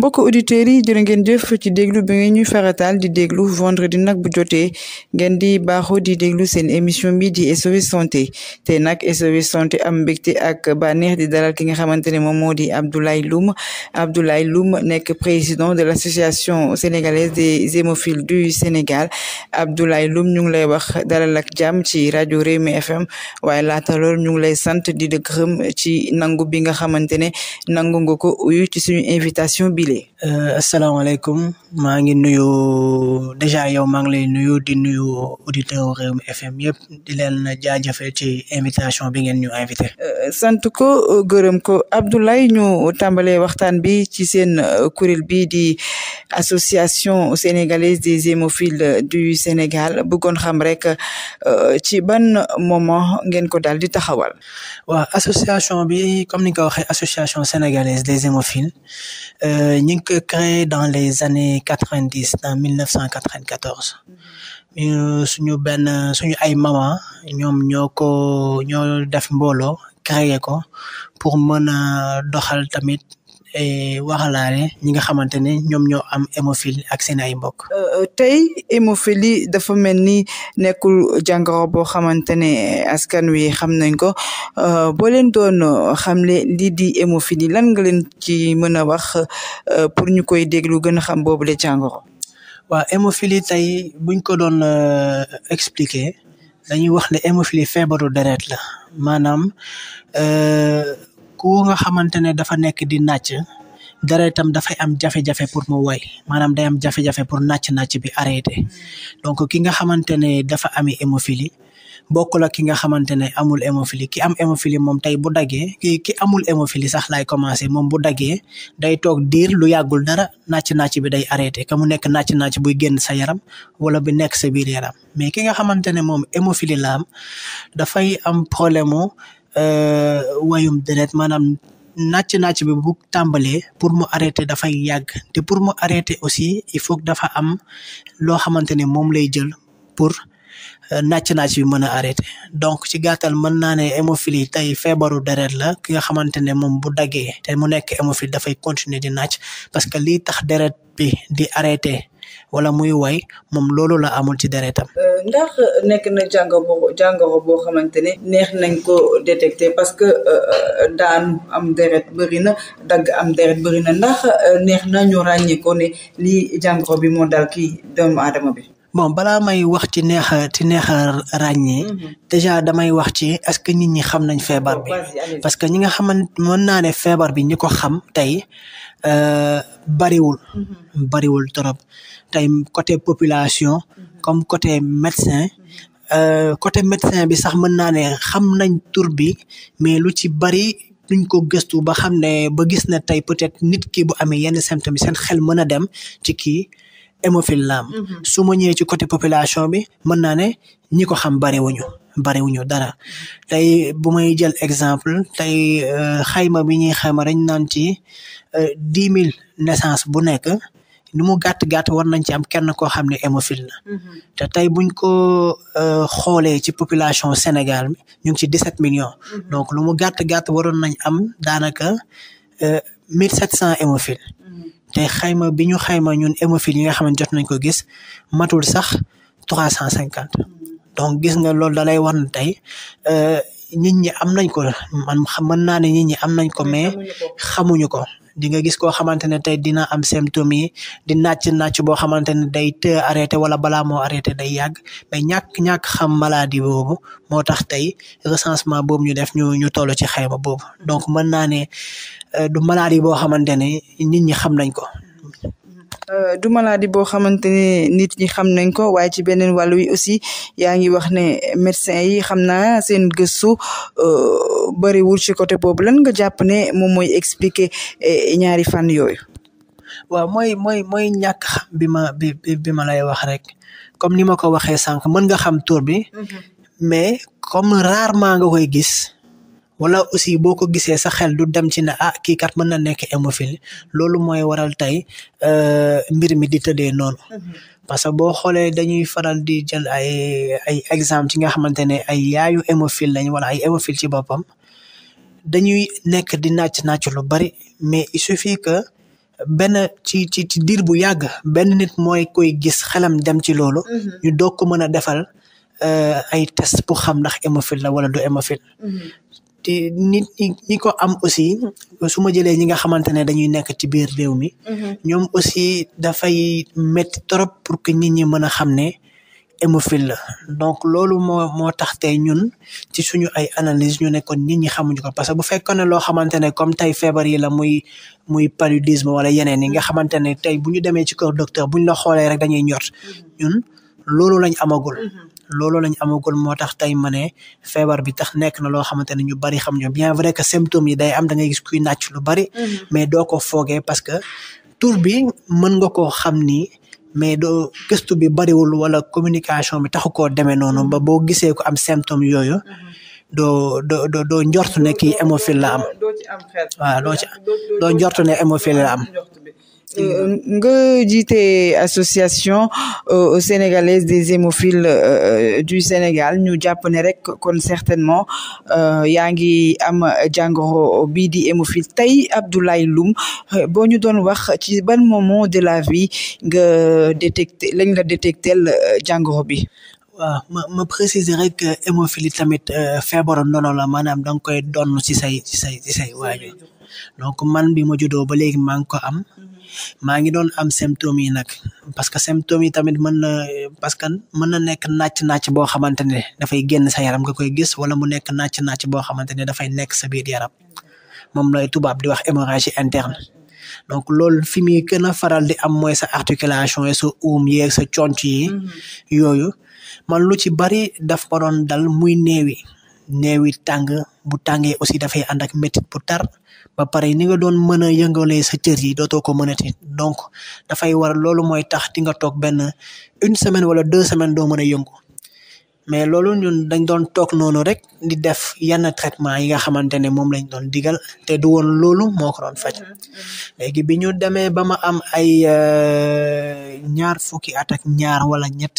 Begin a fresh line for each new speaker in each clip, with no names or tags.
mbokk auditeurs yi jërë ngeen jëf ci déglu bi ngeen ñuy farataal di déglu vendredi nag bu jotee ngeen di baaxoo di déglu seen émission bi di SOS santé te nag SOS santé am mbégte ak bànneex di daral ki nga xamante ne moom moo di Abdoulaye Loum Abdoulaye Loum nekk président de l' association sénégalaise des hémophiles du Sénégal Abdoulaye Loum ñu ngi lay wax dalal ak jàmm ci rajo Rewmi FM waaye laata loolu ñu ngi lay sant di la gërëm ci nangu bi nga xamante ne nangu nga ko uyu ci suñu invitation bi.
bile. Euh, asalaamaaleykum maa ngi nuyu dèjà yow maa ngi lay nuyu di nuyu auditeurs Rewmi FM yëpp di leen jaajëfee ci invitation bi ngeen ñu invité.
Euh, sant ko gërëm ko Abdoulaye ñu tàmbalee waxtaan bi ci seen euh, kuréel bi di association sénégalaise des hémophiles du Sénégal bëggoon xam rek ci ban moment ngeen ko daal di taxawal.
waaw association bi comme ni nga ko waxee association sénégalaise des hémophiles. ñu ngi ko créé dans les années quatre-vingt-dix dans mille neuf cent quatre-vingt-quatorze suñu benn suñu ay mama ñoom ñoo ko ñoo def mbooloo créé ko pour mën a doxal tamit waxalaane ñi nga xamante ne ñoom ñoo am hémophilie ak seen ay mbokk.
Euh, euh, tey hémophilie dafa mel ni nekkul jàngoro boo xamante ne askan wi xam nañ ko euh, boo leen doon xamle lii di hémophilie lan nga leen ci mën a wax
pour ñu koy déglu gën a xam boobu la jàngoro. waaw tey buñ ko doon expliquer dañuy wax ne hémophilie feebaru deret la maanaam. ku nga xamante ne dafa nekk di nàcc deretam dafay am jafe-jafe pour mu woy maanaam day am jafe-jafe pour nàcc-nàcc bi arrêté donc ki nga xamante ne dafa ami hémophilie bokk ki nga xamante ne amul hémophilie ki am hémophilie moom tey bu daggee ki ki amul hémophilie sax laay commencé moom bu daggee day toog diir lu yàggul dara nàcc-nàcc bi day arrêté ka mu nekk nàcc-nàcc buy génn sa yaram wala bi nekk sa biir yaram mais ki nga xamante ne moom hémophilie dafay am problème Euh, wayum deret maanaam nàcc nàcc bi bu tàmbalee pour mu arrêter dafay yàgg te pour mu arrêter aussi il faut dafa am loo xamante ne moom lay jël pour euh, nàcc nàcc bi mën a arrêter donc ci gàttal mën naa ne hémophilie tey feebaru deret la ki nga xamante ne moom bu daggee te mu nekk hémophilie dafay continuer di nàcc parce que lii tax deret bi di arrêter. wala muy way moom loolu la amul ci deretam.
Euh, ndax nekk na jàngoro jàngoro boo xamante ne neex nañ ko détecter parce que euh, euh, daanu am deret bëri na dagg am deret bëri na ndax neex na ñu ràññee ko ne lii jàngoro bi moo dal kii doomu aadama
bi. bon balaa may wax ci neex a ci neex a ràññee. Mhm. déjà damay wax ci est-ce que nit ñi xam nañ feebar bi. parce que ñi nga xaman mën naa ne feebar bi ñi ko xam tey euh, bariwul. Mhm. bariwul trop tey côté population. Mhm. comme côté médecin. Euh, côté médecin bi sax mën naa ne xam nañ tur bi mais lu ci bari. duñ ko gëstu ba xam ne ba gis na tey peut-être nit ki bu amee yenn symptômes bi seen xel mën a dem ci kii hémophile la am. Mhm. su ma ñëwee ci côté population bi mën naa ne ñi ko xam bariwuñu bariwuñu dara tey bu may jël exemple tey euh, xayma bi ñuy xayma dañ naan ci euh, dix mille naissance bu nekk ni mu gàtt gàtt war nañ ci am kenn koo xam ne hémophile la. Mhm. te tey buñ ko euh, xoolee ci population Sénégal bi ñu ngi ci dix sept millions. Mhm. donc lu mu gàtt gàtt waroon nañ am daanaka mille sept cent hémophile. te xayma bi ñu xayma ñun hémophiles yi nga xam jot nañ ko gis matul sax trois cent cinquante donc gis nga loolu da lay war na tey euh, nit ñi am nañ ko man mën naa ne nit ñi am nañ ko mais xamuñu ko di nga gis koo xamante ne tey dina am symptômes yi di nàcc nàcc boo xamante ne day të arrêté wala balaa moo arrêté day yàgg mais ñàkk ñàkk xam maladi boobu moo tax tey recensement boobu ñu def ñu ñu toll ci xayma boobu donc mën naa ne euh, du maladie boo xamante ne nit ñi xam nañ ko.
Euh, du maladie boo xamante ne nit ñi xam nañ ko waaye ci beneen wàll aussi yaa ngi wax ne médecin yi xam naa seen gëstu euh, bëriwul ci côté boobu lan nga jàpp ne moom mooy expliquer eh, ñaari fànn yooyu.
waaw mooy mooy mooy ñàkk xam bi ma bi bi ma lay wax rek comme ni ma ko waxee sànq mën nga xam tur bi. Mhm. mais comme rarement nga koy gis. wala aussi boo ko gisee sax xel du dem ci ne ah kii kat mën na nekk hémophile loolu mooy waral tey euh, mbir mi di tëddee noonu. Mm-hmm. parce que boo xoolee dañuy faral di jël ay ay exemple ci nga xamante ne ay yaayu hémophile lañ wala ay hémophile ci boppam dañuy nekk di nàcc nàcc lu bari mais il suffit que benn ci ci ci diir bu yàgg benn nit mooy koy gis xelam dem ci loolu. Mm-hmm. ñu doog ko mën a defal euh, ay test pour xam ndax hémophile la wala du hémophile. Mm-hmm. te nit ñi ko am aussi su ma jëlee ñi nga xamante ne dañuy nekk ci biir réew mi. Mhm. ñoom aussi dafay métti trop pour que nit ñi mën a xam ne hémophile la donc loolu moo moo tax tey ñun ci suñu ay analyse ñu nekkoon nit ñi xamuñu ko parce que bu fekkoon ne loo xamante ne comme tey feebar yi la muy muy wala yeneen yi nga xamante ne tey bu ñu demee ci kër docteur buñ la xoolee rek dañuy ñor mhm. ñun loolu lañ amagul. Mhm. looloo lañ amagul moo tax tey ma ne feebar bi tax nekk na loo xamante ne ñu bari xam ñu bien vrai que symptômes yi day am da ngay gis kuy nàcc lu bari. Mhm. mais doo ko foogee parce que tur bi mën nga koo xam ni mais doo gëstu bi bariwul wala communication bi taxu koo demee noonu mhm. ba boo gisee ko am symptômes yooyu. Mhm. doo doo doo doo njort ne kii hémophile la am. waaw doo ci doo njort ne hémophile la am.
Euh, nga jiite association euh, sénégalaise des hémophiles euh, du Sénégal ñu jàpp ne rek kon certainement yaa ngi am jàngoro bii di hémophile tey Abdoulaye Loum boo ñu doon wax ci
ban moment de la vie nga détecté lañ la détectel jàngoro bi ma ma préciser rek hémophilie tamit feebaru ndono la maanaam da nga koy donn ci say ci say ci donc man bi ma juddoo ba léegi ngi ko am maa ngi doon am symptômes yi nag parce que symptômes yi tamit mën na parce que mën na nekk nàcc-nàcc boo xamante ne dafay génn sa yaram nga koy gis wala mu nekk nàcc-nàcc boo xamante ne dafay nekk sa biir yaram moom lay tubaab di wax hémorragie interne donc loolu fi muy gën a faral di am mooy sa articulation yi sa uum yeeg sa conc yi mm-hmm. yooyu man lu ci bari daf ma doon dal muy néewi neewi tàng bu tàngee aussi dafay ànd ak métit bu tar ba pare ni nga doon mën a yëngalee sa cër yi dootoo ko mënati donc dafay war loolu mooy tax di nga toog benn une semaine wala deux semaines doo mën a yëngu mais loolu ñun dañ doon toog noonu rek ndi def yenn traitement yi nga xamante ne moom lañ doon digal te du woon loolu moo ko doon faj léegi bi ñu demee ba ma am ay euh, ñaar fukki at ñaar wala ñett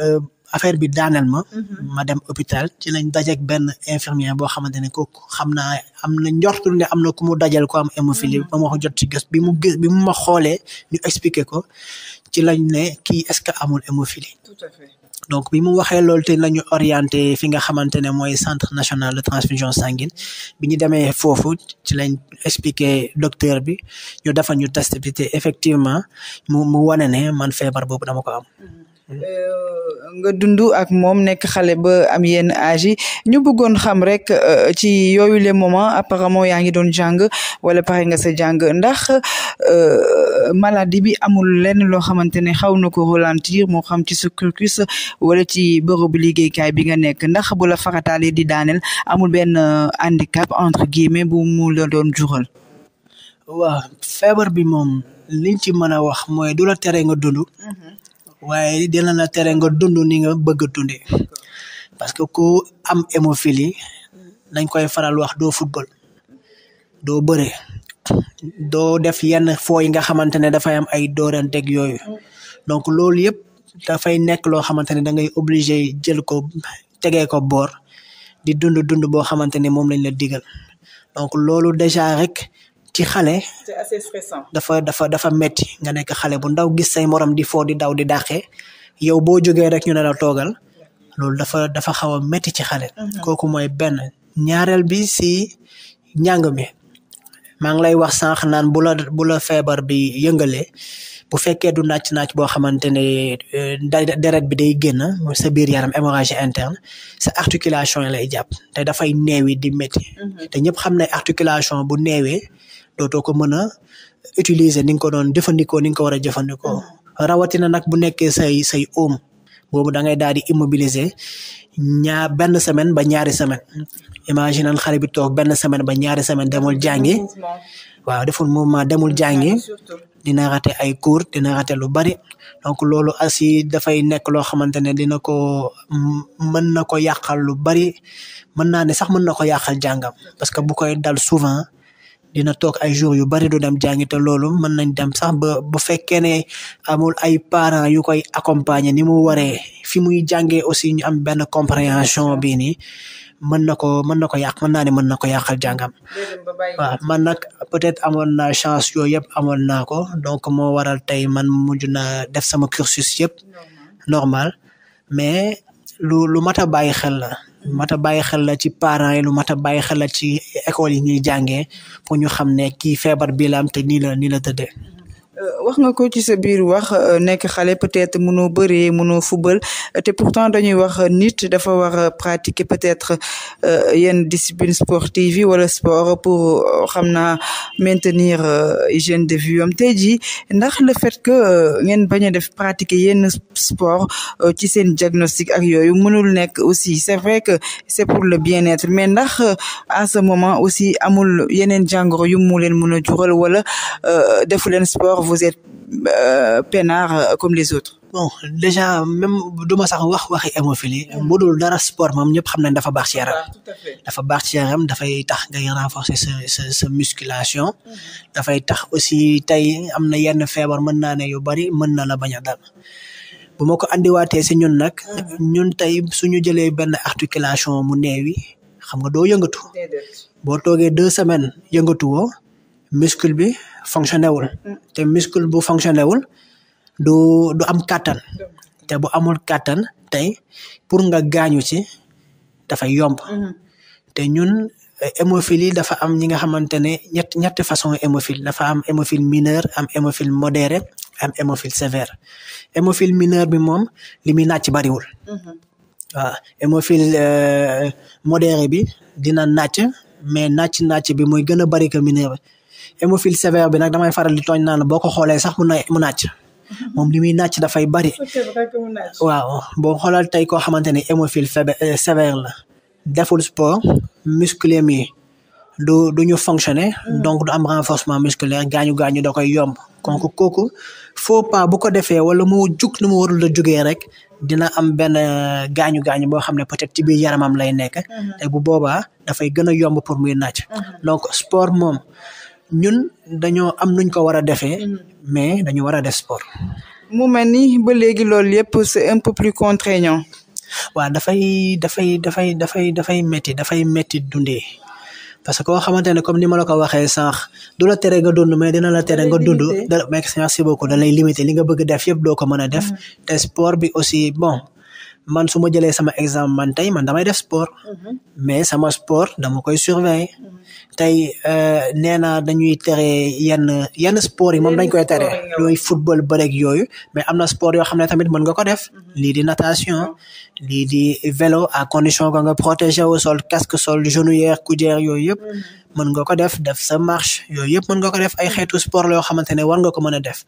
euh, affaire bi daaneel ma. Mhm. ma dem hôpital ci lañ dajeeg benn infirmier boo xamante ne kooku xam naa am na njortul ne am na ku mu dajal ko am hémophilie mhm. ba ma ko jot ci gës bi mu gës bi mu ma xoolee ñu expliqué ko ci lañ ne kii est-ce que amul hémophilie. tout donc bi mu waxee loolu te la ñu orienté fi nga xamante ne mooy centre national de transfusion sanguine bi ñu demee foofu ci lañ expliqué docteur bi ñu dafa ñu test effectivement mu mu wane ne man feebar boobu dama ko am. Mhm. Mm-hmm.
Euh, nga dund ak moom nekk xale ba am yenn âge ñu bëggoon xam rek euh, ci yooyu les moments apparemment yaa ngi doon jàng wala pare nga sa jàng ndax euh, maladie bi amul lenn loo xamante ne xaw na ko ralentir moo xam ci sa cursus wala ci bërëbu liggéeykaay bi nga nekk ndax bu la farataalee di daaneel amul benn
handicap entre guillemets bu mula doon jural. waaw feebar bi moom liñ ci mën a wax mooy du la tere nga dund. Mm-hmm. waaye dina na tere nga dund ni nga bëgg a dundee parce que ku am hémophilie dañ koy faral wax do football doo bëre doo def yenn foo yi nga xamante ne dafay am ay dooranteeg yooyu donc loolu yëpp dafay nekk loo xamante ne da ngay obligé jël ko tegee ko boor di dund dund boo xamante ne moom lañ la digal donc loolu déjà rek. ci xale. dafa dafa dafa metti nga nekk xale bu ndaw gis say moroom di foo di daw di dàqee yow boo jógee rek ñu ne la toogal loolu dafa dafa xaw a metti ci xale. Mhm. kooku mooy benn ñaareel bi si njàng mi. maa ngi lay wax sànq naan bu feebar bi yëngalee bu fekkee du naaj naaj boo xamante ne euh, deret bi day génn sa biir yaram hémorragie interne sa articulation yi lay jàpp te dafay néewi di métti. Mhm. te ñëpp xam ne articulation bu neewee dootoo ko mën a utiliser ni nga ko doon jëfandikoo ni nga ko war a jëfandikoo mm. rawatina nag bu nekkee say say oom boobu da ngay daal di immobiliser ñaar benn semaine ba ñaari semaine imagine xale bi toog benn semaine ba ñaari semaine demul jàngi waaw deful mouvement demul jàngi dina rate ay cours dina rate lu bari donc loolu aussi dafay nekk loo xamante ne dina ko mën na ko yàqal lu bari mën naa ne sax mën na ko yàqal jàngam parce que bu koy dal souvent dina toog ay jours yu bari du dem jàngi te loolu mën nañ dem sax ba bu fekkee ne amul ay parents yu koy accompagner ni mu waree fi muy jàngee aussi ñu am benn compréhension bii nii mën na ko mën na ko yàq mën naa ne mën na ko yàqal jàngam waaw man nag peut-être amoon na chance yooyu yëpp amoon naa ko donc moo waral tey man mujj naa def sama cursus yëpp normal mais lu lu mat a bàyyi xel lu mat a bàyyi xel la ci parents yi lu mat a bàyyi xel ci école yi ñuy jàngee pour ñu xam ne kii feebar bii la am te nii la nii la tëddee.
Euh, wax nga ko ci sa biir wax euh, nekk xale peut-être mënoo bëree mënoo football euh, te pourtant dañuy wax nit dafa wax a pratiquer peut-être yenn discipline sportive yi wala sport pour xam naa maintenir hygiène de vie am tey jii ndax le fait que ngeen bañ a def pratiquer yenn sport ci seen diagnostic ak yooyu mënul nekk aussi c'est vrai que c'est pour le bien-être mais ndax à ce moment aussi amul yeneen jàngoro yu mu leen mën a jural wala defu
sport vous êtes euh, peinard euh, comme les autres. bon déjà même du ma sax wax waxi hémophilie bu hmm. dul dara sport moom ñëpp xam nañ dafa baax ci yaram dafa baax ci dafay tax ngay renforcer sa sa sa musculation hmm. dafay tax aussi tey am na yenn feebar mën naa ne yu bari mën na la bañ a dal bu ma ko andiwaatee si ñun nag hmm. ñun tey suñu jëlee benn articulation mu néewi xam nga doo yëngatu boo toogee deux semaines yëngatuwoo muscle bi fonctionné wul mm. te muscle bu fonctionné wul du du am kàttan te bu amul kàttan tey pour nga gaañu ci dafay yomb mm-hmm. te ñun eh, hémophilie dafa am ñi nga xamante ne ñett ñetti façon hémophile dafa am hémophile mineur am hémophile modéré am hémophile sévère hémophile mineur bi moom li muy nàcc bariwul mm-hmm. waaw hémophile euh, modéré bi dina nàcc mais nàcc nàcc bi mooy gën a bari que mineur hémophile sévère bi nag damay faral di tooñ naan boo ko xoolee sax mun na mu nàcc moom li muy nàcc dafay bari waaw boo xoolal tey koo xamante ne hémophile euh, sévère la deful sport musculaire mi du du ñu fonctionner hmm. donc du am renforcement musculaire gaañu gaañu da koy yomb kon kooku faux pas bu ko defee wala mu jug nu mu warul a jugee rek dina am benn euh, gaañu gaañu boo xam ne peut-être ci biir yaramam lay nekk hmm. te bu boobaa dafay gën a yomb pour muy nàcc hmm. donc sport moom ñun dañoo am nuñ ko war a defee mm. mais daño war a def sport. mu mel ni ba léegi loolu yëpp c'est un peu plus contraignant. waaw dafay dafay dafay dafay dafay métti dafay métti dundee parce que koo xamante ne comme ni ma la ko waxee sànq du la tere nga dund mais dina la tere nga dund. da merci beaucoup da lay limité li nga bëgg def yëpp doo ko mën a def. Mm. te sport bi aussi bon. man su ma jëlee sama exemple man tey man damay def sport mhm. mais sama sport dama koy surveiller mhm. tey euh, nee naa dañuy tere yenn yenn sport yi moom dañ koy tere looy football bëreg yooyu mais am na sport yoo xam ne tamit mën nga ko def mhm. lii di natation lii di vélo a condition que nga protéger wu sol casque sol genouillère coudière yooyu yëpp mën nga ko def def sa marche yooyu yëpp mën nga ko def ay xeetu sport la yoo xamante ne war nga ko mën a def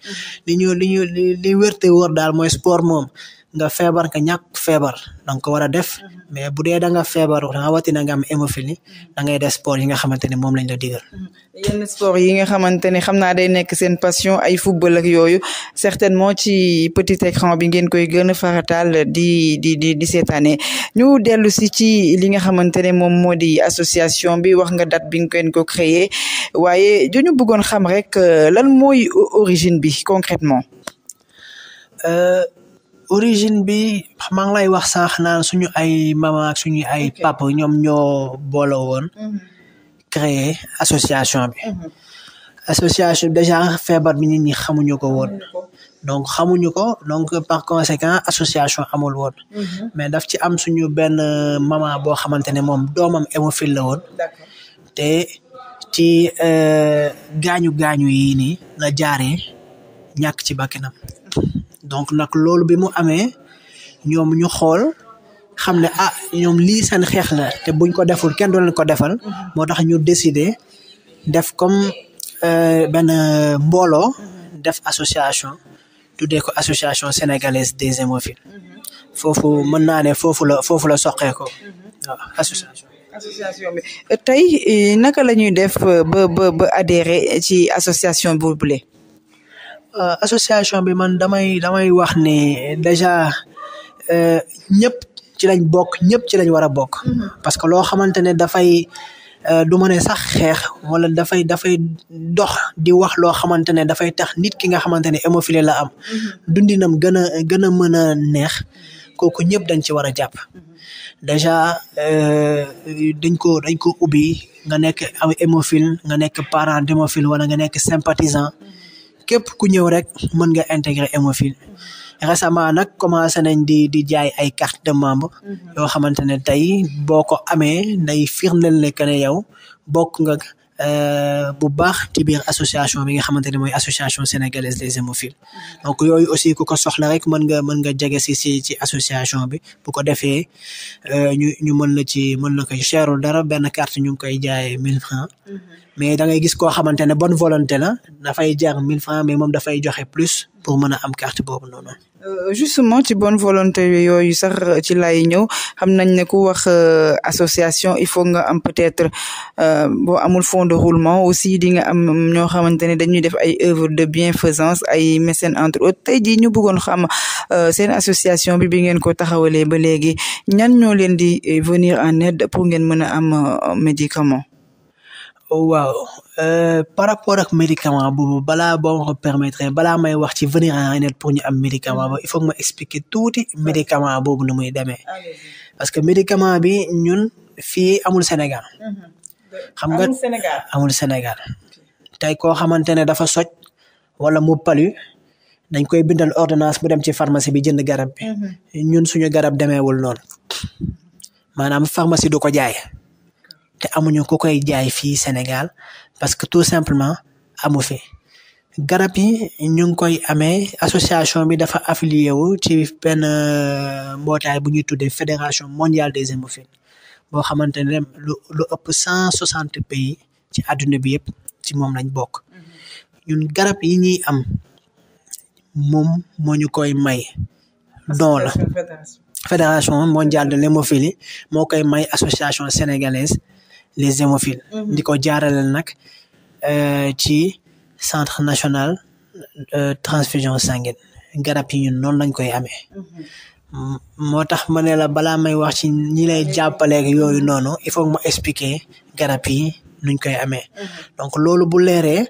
li ñu li ñu li wérte wóor daal mooy sport moom nga feebar nga ñàkk feebar danga ko war a def mhm. mais bu dee da nga feebar rawatina nga am hémophilie mhm. da ngay def sport yi nga xamante ne moom lañ la digal. Mhm.
yenn yi nga xamante ne xam naa day nekk seen passion ay football ak yooyu certainement ci petit écran bi ngeen koy gën a farataal di di di di seetaane ñu dellu si ci li nga xamante ne moom moo di association bi wax nga date bi nga koy ko créer waaye dañu bëggoon xam rek euh, lan mooy
origine bi concrètement. Euh, origine bi maa ngi lay wax sànq naan suñu ay mama suñu ay papa ñoom ñoo boole woon mhm. créer association bi mhm. association bi déjà feebar bi nit ñi xamuñu ko woon donc xamuñu ko donc par conséquent association amul woon mhm. mais daf ci am suñu benn maman boo xamante ne moom doomam hémophile la woon te ci euh, gaañu-gaañu yi nii la jaaree ñàkk ci bakkanam donc nag loolu bi mu amee ñoom ñu xool xam ne ah ñoom lii seen xeex na te buñ ko deful kenn du leen ko defal moo tax ñu décider def comme euh, benn mbooloo def association tuddee ko association sénégalaise des hémophiles foofu mën naa ne foofu la foofu la soqee ko waaw association association
bi naka la ñuy def ba ba ba ci association boobule
Euh, association bi man damay damay wax ne déjà euh, ñëpp ci lañ bokk ñëpp ci lañ war a bokk. Mm-hmm. parce que loo xamante ne dafay euh, du ma sax xeex wala dafay dafay dox di wax loo xamante ne dafay tax nit ki nga xamante ne hémophilie la am. Mm-hmm. dundinam gën a gën a mën a neex kooku ñëpp dañ ci war a jàpp. Mm-hmm. déjà dañ ko dañ ko ubbi nga nekk hémophile nga nekk parent d'hémophile wala nga nekk sympathisant. képp ku ñëw rek mën nga intégrer mofil récemment nag commencé nañ di di jaay ay carte de membre mhm. yoo xamante ne tey boo ko amee day firndeel ne que ne yow bokk nga Euh, bu baax ci biir association bi nga xamante ne mooy association sénégalaise des hémophiles donc yooyu aussi ku ko soxla rek mën nga mën nga jege si si ci association bi bu ko defee euh, ñu ñu mën la ci mën na koy cherul dara benn carte ñu ngi koy jaayee mille francs mm-hmm. mais da ngay gis koo xamante ne bonne volonté la dafay jaar mille francs mais moom dafay joxe plus pour mën a am carte boobu noonu
Euh, justement ci bonne volonté yooyu sax ci lay ñëw xam nañ ne ku wax euh, association il faut nga am peut-être euh, boo amul fonds de roulement aussi di nga am ñoo xamante ne dañuy def ay œuvre de bienfaisance ay mécènes entre autres tey jii ñu bëggoon xam seen association bi bi ngeen ko taxawalee ba léegi ñan ñoo leen di eh, venir en aide pour ngeen mën a am médicament
Oh, waaw euh, par rapport ak médicament boobu balaa boo ma ko permettre balaa may wax ci venir en aide pour ñu am médicament ba il faut ma expliquer tuuti médicament boobu nu muy demee parce que médicament bi ñun fii amul Sénégal.
Mm-hmm.
xam nga amul Sénégal tey koo xamante ne dafa soj wala mu palu dañ koy bindal ordonnance bu dem ci pharmacie bi jënd garab bi mm-hmm. ñun suñu garab demeewul noonu maanaam pharmacie du ko jaay. te amuñu ko koy jaay fii Sénégal parce que tout simplement amu fi garab yi ñu ngi koy amee association bi dafa affilié wu ci benn euh, mbootaay bu ñuy tuddee fédération mondiale des hémophiles boo xamante ne lu lu ëpp cent soixante pays ci àdduna bi yëpp ci moom lañ bokk mm-hmm. ñun garab yi ñuy am moom moo koy may don la fédération mondiale de l'hémophilie moo koy may association sénégalaise les hémophiles. Mhm. di ko jaarale nag euh, ci centre national euh, transfusion sanguine garab yi ñun noonu lañ koy ame mhm. moo tax ma ne la balaa may wax ci ñi lay mhm. jàppaleeg yooyu noonu il faut que expliquer garab yi nuñ koy amee. donc loolu bu leeree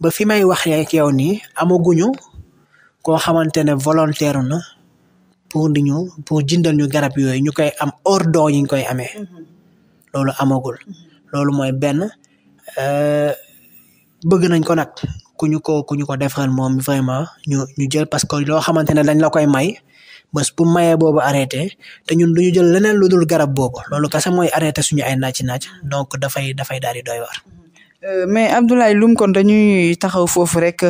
ba fi may wax ak yow nii amaguñu koo xamante ne volontaire na pour di ñu pour jëndal ñu garab yooyu ñu koy am ordre yi ñu koy amee. loolu amagul. loolu mooy benn euh, bëgg nañ ko nag ku ñu ko ku ñu ko defaral moom vraiment ñu ñu jël parce que loo xamante ne dañ la koy may bés bu mayee boobu arrêté te ñun du ñu jël leneen lu dul garab boobu loolu kese mooy arrêté suñu ay naaj naaj donc dafay dafay daal di doy waar.
Euh, mais Abdoulaye Loum kon dañuy taxaw foofu rek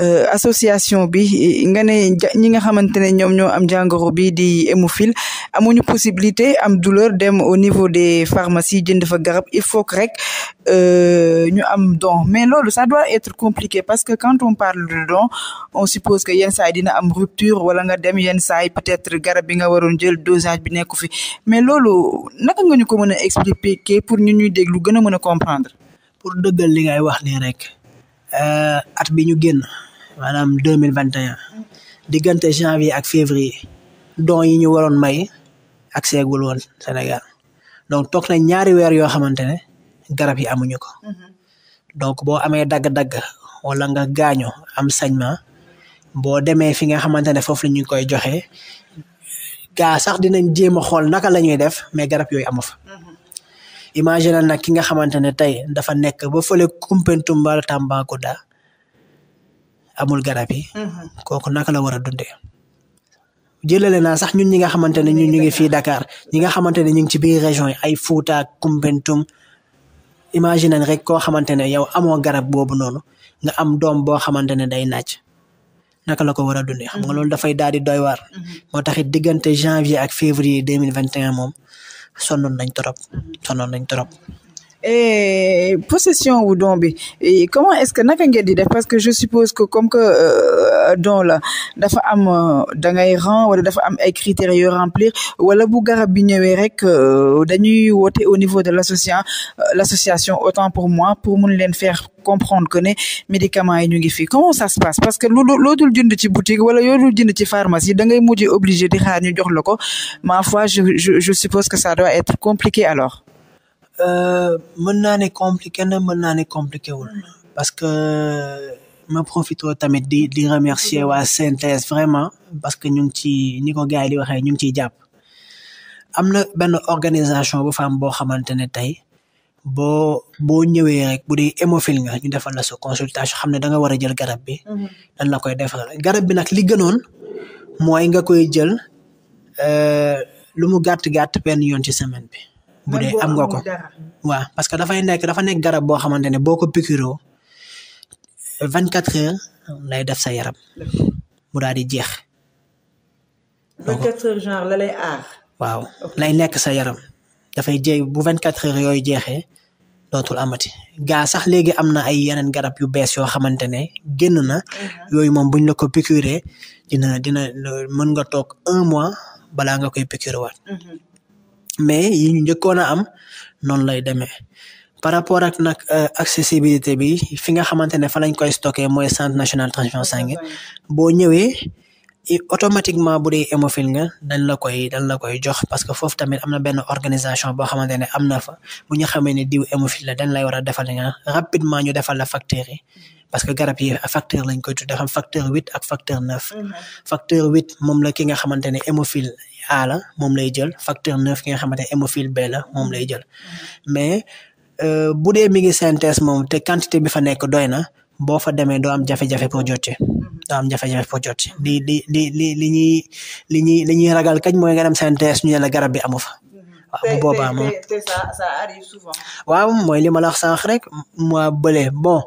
euh, association bi nga ne ñi nga xamante ne ñoom ñoo am jàngoro bi di hémophile amuñu possibilité am douleur dem au niveau des pharmacies jënd fa garab il faut que rek euh, ñu am don mais loolu ça doit être compliqué parce que quand on parle de don on suppose que yenn saay dina am rupture wala nga dem yenn saay peut-être garab bi nga waroon jël dosage bi nekku fi mais loolu naka nga ñu ko mën a expliquer pour ñu ñuy déglu gën a mën
a comprendre pour dëggal li ngay wax nii rek euh, at bi ñu génn maanaam deux mille vingt et un diggante janvier ak février don yi ñu waroon may ak seegul woon Sénégal donc toog na ñaari weer yoo xamante ne garab yi amuñu ko donc boo amee dagg-dagg wala nga gaañu am saignement boo demee fi nga xamante ne foofu la ñu koy joxe gaa sax dinañ jéem a xool naka la ñuy def mais garab yooyu amu fa. imagine nag ki nga xamante ne tey dafa nekk ba fële Koumpentoum mbaa Tambacounda amul garab yi. Mhm. kooku naka la war a dunde jëlale naa sax ñun ñi nga xamante ne ñun ñu ngi fii Dakar ñi nga xamante ne ñu ngi ci biir région yi ay Fouta ak Koumpentoum imagine rek koo xamante ne yow amoo garab boobu noonu nga am doom boo xamante ne day naaj. naka la ko war a dundee xam nga mhm. loolu dafay daal di doy waar. Mhm. moo taxit diggante janvier ak février deux mille vingt et un moom sonnoon nañ torop sonnoon nañ torop
et possession wu don bi comment est-ce que naka ngeen di def parce que je suppose que comme que euh, don la dafa am euh, da ngay rang wala dafa am ay critères yoo remplir wala bu garab bi ñëwee rek euh, dañuy woote au niveau de l'association l'association autant pour moi pour mun leen faire comprendre que ne médicaments yi ñu ngi fi comment ça se passe parce que lu loo dul ci boutique wala yoo dul jënd ci pharmacie da ngay mujj obligé di xaar ñu jox la ko ma foi je je je suppose que ça doit
Euh, mën naa ne compliqué na mën naa ne compliqué wul mm. parce que ma profito tamit di di remercier mm. waa CNTS vraiment parce que ñu ngi ci ni ko gars yi di waxee ñu ngi ciy jàpp am na benn organisation bu fa boo xamante ne tey boo boo ñëwee rek bu dee hémophile nga ñu defal na sa consultation xam ne da nga war a jël garab bi mm-hmm. dañ na koy defal garab bi nag li gënoon mooy nga koy jël euh, lu mu gàtt-gàtt benn yoon ci semaine bi bu dee am nga ko waaw parce que dafay nekk dafa nekk garab boo xamante ne boo ko piqûre vingt quatre heures lay def sa yaram mu daal di jeex.
vingt quatre lay
waaw lay nekk sa yaram dafay jeex bu vingt quatre heures yooyu jeexee dootul amati gaa sax léegi am na ay yeneen garab yu bees yoo xamante ne génn na uh-huh. yooyu moom buñ la ko piqûre dina dina mën nga toog un mois balaa nga koy piqûre waat. Uh-huh. mais yi ñu njëkkoon am noonu lay demee par rapport ak nag euh, accessibilité bi fi nga xamante ne fa lañ koy stocké mooy centre national transfusion sanguine boo ñëwee automatiquement bu dee hémophile nga dañ la koy dañ la koy jox parce que foofu tamit am na benn organisation boo xamante ne am na fa bu ñu xamee ne diw hémophile dañ lay war a defal nga rapidement ñu defal la facteurs yi parce que garab yi facteur lañ koy tuddee xam facteur huit ak facteur neuf mhm. facteur moom la ki nga xamante ne hémophile A la moom lay jël facteur neuf ki nga xamante ne hémophile B la moom lay jël mais euh, bu dee mi ngi synthèse moom te quantité bi fa nekk doy na boo fa demee doo am jafe-jafe pour jot ci doo am jafe-jafe pour jot li li li li li ñuy li ñuy ragal kañ mooy nga dem synthèse ñu ne la garab bi amu fa bu boobaa moom waaw mooy li ma la wax sànq rek mois bële bon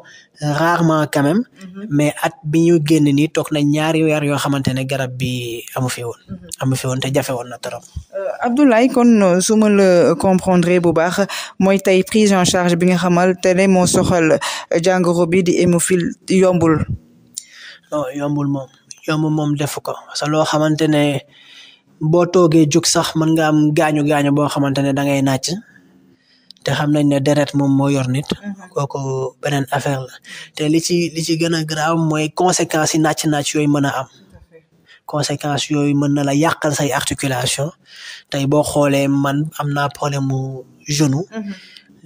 rarement quand mm-hmm. mais at bi ñu génn nii toog na ñaari weer yoo xamante ne garab bi amu fi woon. Mm-hmm. amu fi woon te jafe na trop.
Euh, Abdoulaye kon su ma la comprendre bu baax mooy tey prise en charge bi nga xamante ne moo soxal jàngoro bi di hémophile yombul.
non yombul moom yomb moom def ko boo toogee jóg sax mën nga am gaañu gaañu boo xamante ne da ngay nàcc te xam nañ ne deret moom moo yor nit. Mhm. kooku beneen affaire la te li ci li ci gën a grave mooy conséquences yi nàcc nàcc yooyu mën a am. conséquences yooyu mën na la yàqal say articulation tey boo xoolee man am naa problème mu genou. Mhm.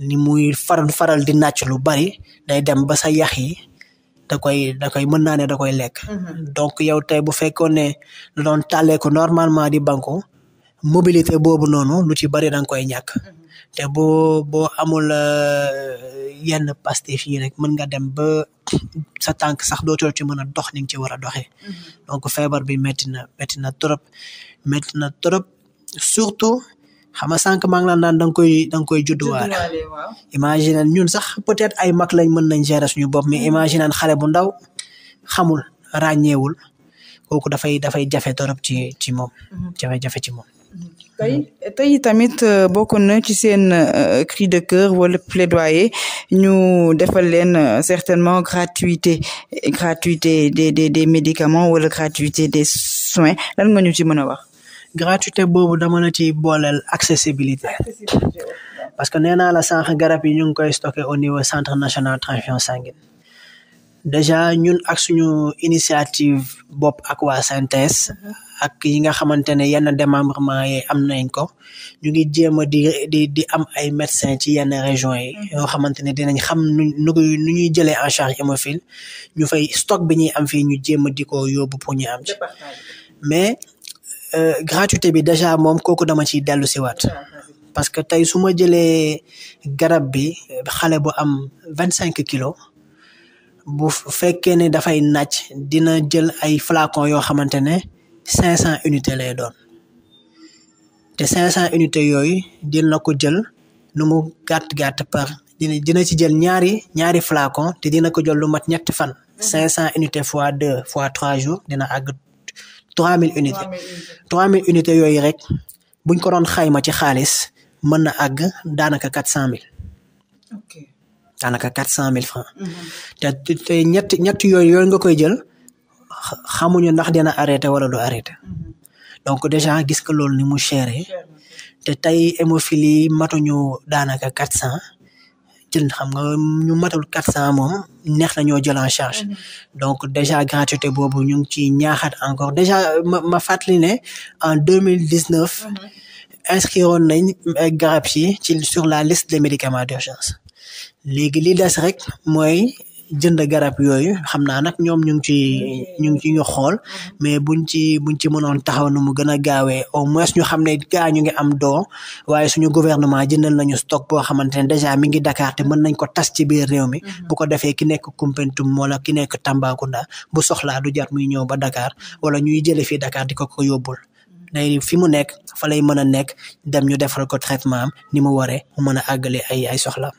ni muy faral faral di nàcc lu bari day dem ba sa yax yi. da koy da koy mën naa ne da koy lekk. Mm-hmm. donc yow tey bu fekkoon ne lu doon tàllee ko normalement di banko mobilité boobu noonu lu ci bari da koy ñàkk. Mm-hmm. te boo boo amul euh, yenn pastéef yi rek mën nga dem ba sa tànk sax dootoo ci mën a dox ni nga ci war a doxee. Mm-hmm. donc feebar bi métti na métti na trop métti na trop xam nga sànq maa ngi laan naan da koy da nga koy judduwaale. imagine ñun sax peut-être ay mag lañ mën na gérer suñu bopp mais mm-hmm. imagine xale bu ndaw xamul rañewul koku dafay dafay jafe torop ci ci moom. Mm-hmm. jafe-jafe ci moom. Mm-hmm.
tey tey tamit euh, bokkoon na ci seen euh, cri de cœur wala plaidoyer ñu defal leen euh, certainement gratuité gratuité des des des médicaments wala gratuité des soins lan nga ñu ci mën a wax. gratuité boobu
dama la ci booleel accessibilité parce que nee naa la sànq garab yi ñu ngi koy stocké au niveau centre national transfusion sanguine déjà ñun ak suñu initiative bopp ak waa synthèse ak yi nga xamante ne yenn démembrement yi am nañ ko ñu ngi jéem a di di di am ay médecins ci yenn région yi mhm. yoo xamante ne dinañ xam nu nu nu ñuy jëlee en charge fil ñu fay stock bi ñuy am fii ñu jéem a di ko yóbbu pour ñu am ci mais Euh, gratuité bi déjà moom kooku dama ciy dellu waat parce que tey su ma jëlee garab bi xale bu am vingt cinq kilos bu fekkee ne dafay naaj dina jël ay flakon yoo xamante ne cinq cent unités lay doon te cinq cent unités yooyu dina ko jël nu mu gàtt gàtt par dina dina ci jël ñaari ñaari flacon te dina ko jël lu mat ñett fan mhm. cinq cent unités fois deux fois trois jours dina àgg trois mille unités trois mille unités yooyu rek buñ ko doon xayma ci xaalis mën na àgg daanaka quatre cent mille daanaka quatre cent mille francs mhm. te te ñett ñett yooyu yooyu nga koy jël xamuñu ndax dina arrêté wala du arrêté mhm. donc déjà gis nga loolu ni mu chéré te tey hémophilie matuñu daanaka quatre cent jël xam nga ñu matul quatre cent moom neex na ñoo jël en charge mm-hmm. donc déjà gratuité boobu ñu ngi ci ñaaxat encore déjà ma ma fàttali ne en deux mille dix neuf mm-hmm. inscriroon nañ garab si ci sur la liste de médicament d'urgence léegi li des rek mooy jënd garab yooyu xam naa nag ñoom ñu ngi ci ñu ngi ci ñu xool mais buñ ci buñ ci mënoon taxaw nu mu gën a gaawee au moins ñu xam ne gaa ñu ngi am doo waaye suñu gouvernement jëndal nañu stock boo xamante ne dèjà mi ngi Dakar te mën nañ ko tas ci biir réew mi mhm. bu ko defee ki nekk Koumpentoum wala ki nekk Tambacounda bu soxlaa du jar muy ñëw ba dakaar wala ñuy jële fii dakaar di ko ko yóbbul day fi mu nekk fa lay mën a nekk dem ñu defal ko traitement ni mu waree mu mën a àggale ay ay soxlaam.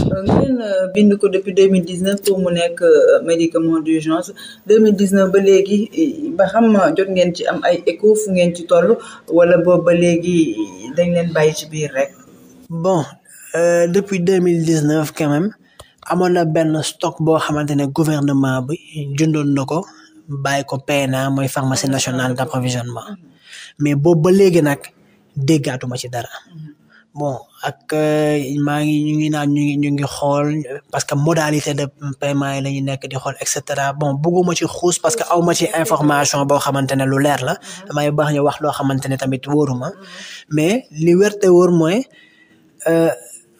Euh, euh, bind ko depuis deux mille dix neuf pour mu nekk euh, médicament d'urgence deux mille dix neuf ba léegi ba xam jot ngeen ci am ay écho ngeen ci toll wala boobu ba
léegi dañ leen bàyyi ci biir rek. bon euh, depuis deux mille dix neuf quand amoon na benn stock boo xamante ne gouvernement bi jundoon na ko bàyyi ko PNA mooy pharmacie nationale d'approvisionnement. mais boobu ba léegi nag déggaatuma ci dara bon ak euh, maa ngi ñu ngi naan ñu ñu ngi xool parce que modalité de paiement yi la ñu nekk di xool et cetera bon bëgguma ci xuus parce que aw ma ci information boo xamante ne lu leer la may baax ñu wax loo xamante ne tamit wóoruma mais li wér te wóor mooy euh,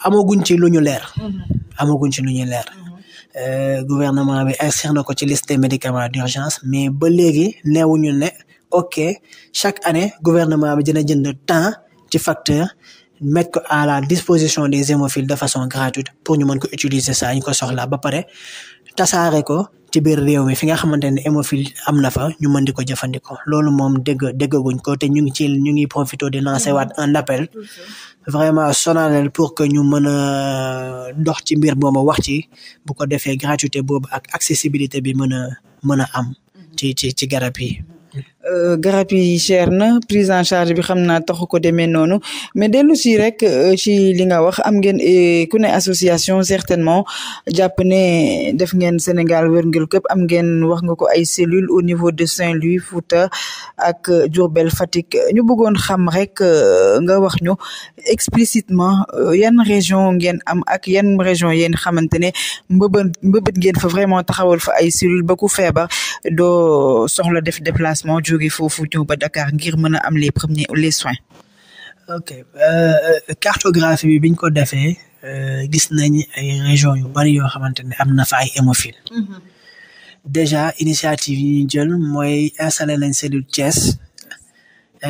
amaguñ ci lu ñu leer amaguñ ci lu ñu leer euh, gouvernement bi inscrire na ko ci liste médicament médicaments d'urgence mais ba léegi neewuñu ne ok chaque année gouvernement bi dina jënd temps ci facteur mettre ko à la disposition des hémophiles de façon gratuite pour ñu mën ko utiliser saa ñu ko soxla ba pare tasaare ko ci biir réew mi fi nga xamante ne hémophile am na fa ñu mën di ko jëfandikoo loolu moom dégg déggaguñ ko te ñu ngi ci ñu ngi profité di waat un appel vraiment Sonaled pour que ñu mën a dox ci mbir boobu wax ci bu ko defee gratuité boobu ak accessibilité bi mën a mën a am ci ci ci garab yi
Euh, garab yi cher na prise en charge bi xam naa taxu ko demee noonu mais dellu si rek euh, ci li nga wax am ngeen ku ne association certainement jàpp ne def ngeen Sénégal wërngël këpp am ngeen wax nga ko ay cellules au niveau de Saint-Louis Fouta ak euh, Diourbel Fatick ñu bëggoon xam rek nga wax ñu explicitement yan région ngeen am ak yan région yéen xamante ne mbëbët mbëbët ngeen fa vraiment taxawal fa ay cellules boku ku feebar doo soxla def déplacement. jóge foofu ñëw ba Dakar ngir mën a am les premiers les soins
ok euh, cartographie biñ ko defee euh, gis nañ ay région yu bari yoo xamante ne am na fa ay hémophile mhm. déjà initiative yi jël mooy installé nañ cellule Thiès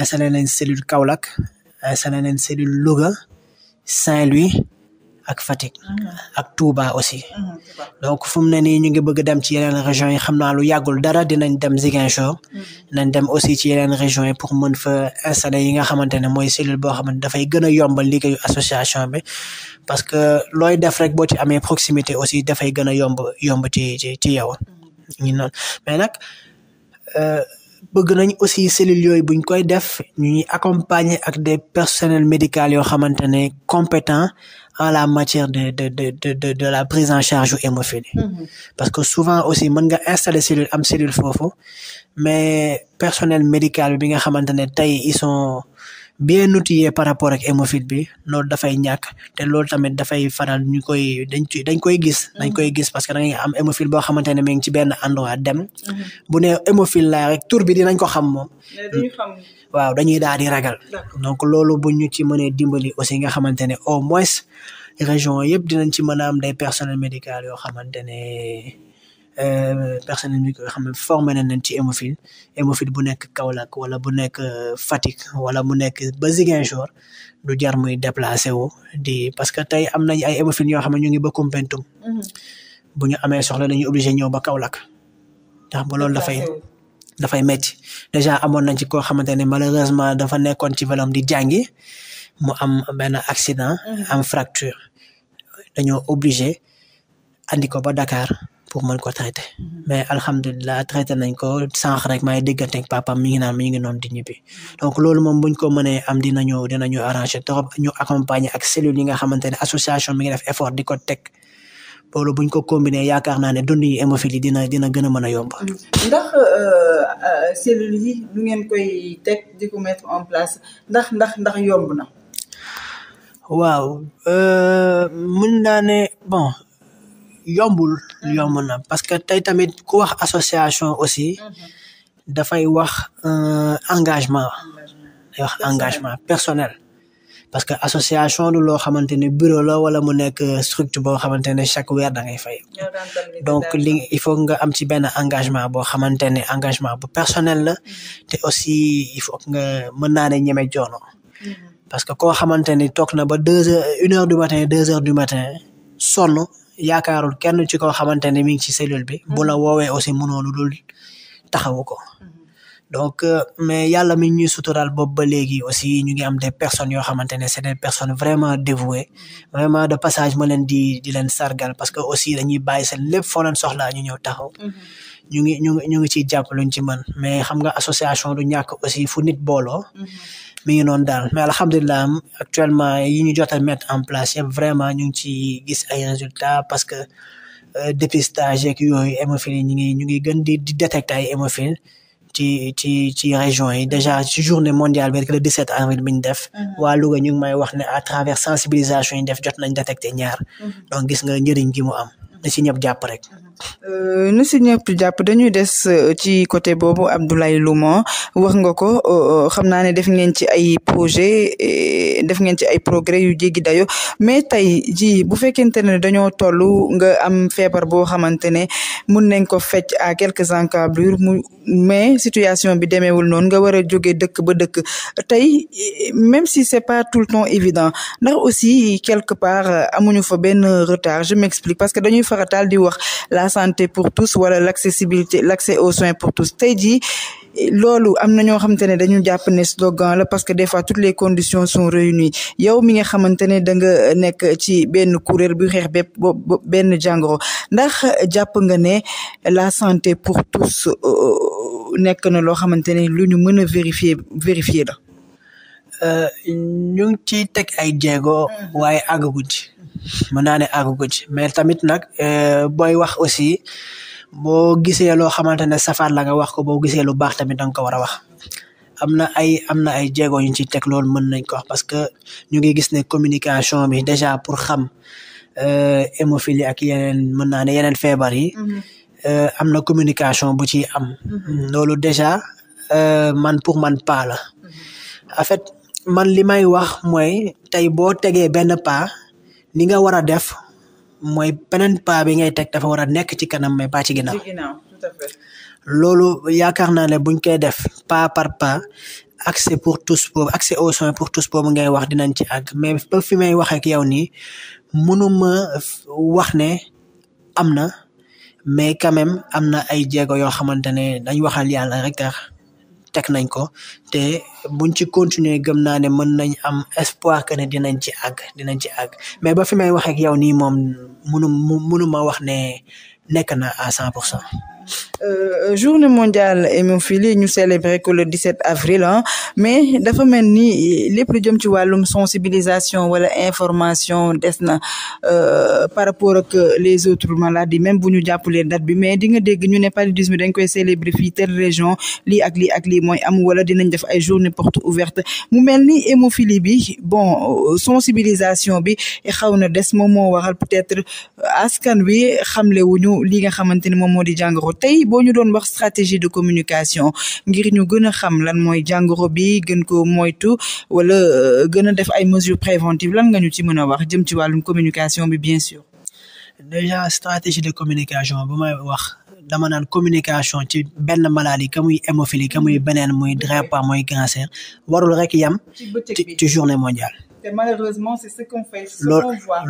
installé nañ cellule Kaolack installé nañ Saint-Louis ak Fatick mm-hmm. ak Touba aussi mm-hmm. donc fu mu ne nii ñu ngi bëgg dem ci yeneen régions yi xam naa lu yàggul dara dinañ dem Ziguinchor mm-hmm. nañ dem aussi ci yeneen région yi pour mën fa installer yi nga xamante ne mooy cellule boo xamante dafay gën a yombal liggéeyu association bi parce que looy def rek boo ci amee proximité aussi dafay gën a yomb yomb ci ci ci yow ñu noonu mais nag euh, bëgg nañ aussi cellules yooyu buñ koy def ñuy accompagner ak des personnels médicaux yoo xamante ne compétents en la matière de de de de de, la prise en charge yu hémophilie mm-hmm. parce que souvent aussi mën nga installer cellule am cellule foofu mais personnel médicale bi nga xamante ne tey son sont bien outillés par rapport ak hémophile bi loolu dafay ñàkk te loolu tamit dafay faral ñu koy dañ dañ koy gis dañ mm-hmm. koy gis parce que da am hémophile boo xamante ne mi ngi ci benn endroit dem mm-hmm. bu ne hémophile laa rek tur bi dinañ ko xam moom waaw dañuy daal di ragal donc loolu bu ñu ci mënee dimbali aussi nga xamante ne au moins région yëpp dinañ ci mën a am des personnels médicaux yoo xamante ne euh, personnels médicaux yoo xam ne formé nañ ci hémophile hémophile bu nekk Kaolack wala bu nekk euh, Fatick wala mu nekk ba Ziguinchor du jar muy déplacé wu di parce que tey am nañ ay hémophile yoo xam ne ñu ngi ba Koumpentoum mhm. bu ñu amee soxla dañuy obligé ñëw ba Kaolack ndax ba loolu dafay metti déjà amoon nañ ci koo xamante ne malheureusement dafa nekkoon ci velam di jàngi mu am benn accident mhm. am fracture dañoo obligé andi ko ba Dakar pour mën ko traité mhm. mais alhamdulilah traité nañ ko sànq rek maay déggante ak papaam mi ngi naan mi ngi noonu di ñibbi mhm. donc loolu moom buñ ko mënee am dinañu dinañu arrangé trop ñu accompagner ak cellule ñi nga xamante ne association mi ngi def effort di ko teg loolu buñ ko combiné yaakaar naa ne dund yi hémophilie dina dina gën a a yomb. ndax
euh, euh, cellules yi lu ngeen koy teg di ko mettre en place ndax ndax
ndax yomb na. waaw euh, mën naa ne bon yombul yomb na parce que tey tamit ku wax association aussi mhm. dafay wax engagement. day wax engagement personnel. parce que association du loo xamante ne bureau la wala mu nekk structure boo xamante ne chaque weer da ngay fay. donc li il faut nga am ci benn engagement boo xamante ne engagement bu personnel la mm-hmm. te aussi il faut nga mën naa ne ñeme joono. Mm-hmm. parce que koo xamante ni toog na ba deux heures une heure du matin deux heures yaakaarul kenn ci ko xamante ne mi ngi ci cellule bi. bu la mm-hmm. woowee aussi mënoo lu dul taxawu ko. donc euh, mais yàlla mi ñuy suturaal boobu ba léegi aussi ñu ngi am des personnes yoo xamante ne c'est des personnes vraiment dévouées vraiment de passage ma leen di di leen sargal parce que aussi dañuy bàyyi seen lépp foo leen soxlaa ñu ñëw taxaw
mm-hmm.
ñu ngi ñu ngi ñu ngi ciy jàpp ci mën mais xam association du ñàkk aussi fou nit booloo mm-hmm. mi ngi noonu daal mais alhamdulilah actuellement yi ñu jot a mettre en place yëpp vraiment ñu ngi ci gis ay résultats parce que euh, dépistage yeeg yooyu hémophile yi ñu ngi ñu ngi gën di di détecter ay ci ci ci région yi déjà ci journée mondiale bi rek le 17 avril bi ñu def mhm. waa may wax ne à travers sensibilisation yi def jot nañ détecté ñaar mhm. donc gis nga njëriñ gi mu am na ci ñëpp jàpp rek mhm.
Euh, na si ñëpp jàpp dañuy des euh, ci côté boobu Abdoulaye Louma wax nga ko euh, xam naa ne def ngeen ci ay projet def ngeen ci ay progrès yu jéggi dayo mais tey ji bu fekkente ne dañoo toll nga am feebar boo xamante ne mun nañ ko fecc à quelques encablures mu mais situation bi demeewul noonu nga war a jóge dëkk ba dëkk tey même si c'est pas tout le temps évident ndax aussi quelque part amuñu fa benn retard je m'explique parce que dañuy farataal di wax la santé pour tous wala l'accessibilité l'accès aux soins pour tous tey jii loolu am na ñoo xamante ne dañu jàpp ne slogan la parce que des fois toutes les conditions sont réunies yow mi nga xamante ne da nga nekk ci benn kuréel bu xeex bépp benn jàngoro ndax jàpp nga ne la santé pour tous euh, nekk na loo xamante ne lu ñu mën a vérifier vérifier la Euh,
ñu ngi ciy teg ay jéego mhm. waaye àggagu ci mën naa ne àggagu mais tamit nag euh, booy wax aussi boo gisee loo xamante ne safaat la nga wax ko boo gisee lu baax tamit da nga ko war a wax am na ay am na ay jéego ñu ciy teg loolu mën nañ ko wax parce que ñu ngi gis ne communication bi déjà pour xam euh, hémophilie ak yeneen mën naa ne yeneen feebar yi mhm. am na communication bu ci am mhm. loolu déjà man pour man pas la en man li may wax mooy tey boo tegee benn pas ni nga war a def mooy peneen pas bi ngay teg dafa war a nekk ci kanam mais pas ci ginnaaw loolu yaakaar naa ne buñ koy def pas par pas accès pour tous boobu accès aux soins pour tous boobu ngay wax dinañ ci àgg mais ba fi may wax ak yow nii mënuma wax ne am na mais quand am na ay jéego yoo xamante ne dañ waxal yàlla rek teg nañ ko te buñ ci continuer gëm naa ne mën nañ am espoir que ne dinañ ci àgg dinañ ci àgg mais ba fi may wax ak yow nii moom munu ma wax ne nekk na à cent pour cent
Euh, euh, journée mondiale hémophilie ñu célébrer que le 17 avril mais dafa mel ni lépp lu jëm ci wàllum sensibilisation wala information des na euh, par rapport ak les autres maladies même bu ñu jàppalee date bi mais di nga dégg ñu ne paludisme dañ koy célébrer fii telle région lii ak lii ak lii mooy am wala dinañ def ay journée porte ouverte mu mel ni hémophilie bi bon euh, sensibilisation bi xaw na des moom moo waral peut-être euh, askan wi xamle wuñu li nga xamante ni moom moo di jàngoro tey boo ñu doon wax stratégie de communication ngir ñu gën a xam lan mooy jàngoro bi gën ko mooy moytu wala euh, gën a def ay mesures préventive lan nga ñu ci mën a wax jëm ci wàllum communication bi bien sûr.
déjà stratégie de communication bu may wax. dama naan communication ci benn maladie ka muy hémophilie ka beneen muy drapa muy cancer warul rek yam ci journée mondiale
te malheureusement c'est ce qu'on fait.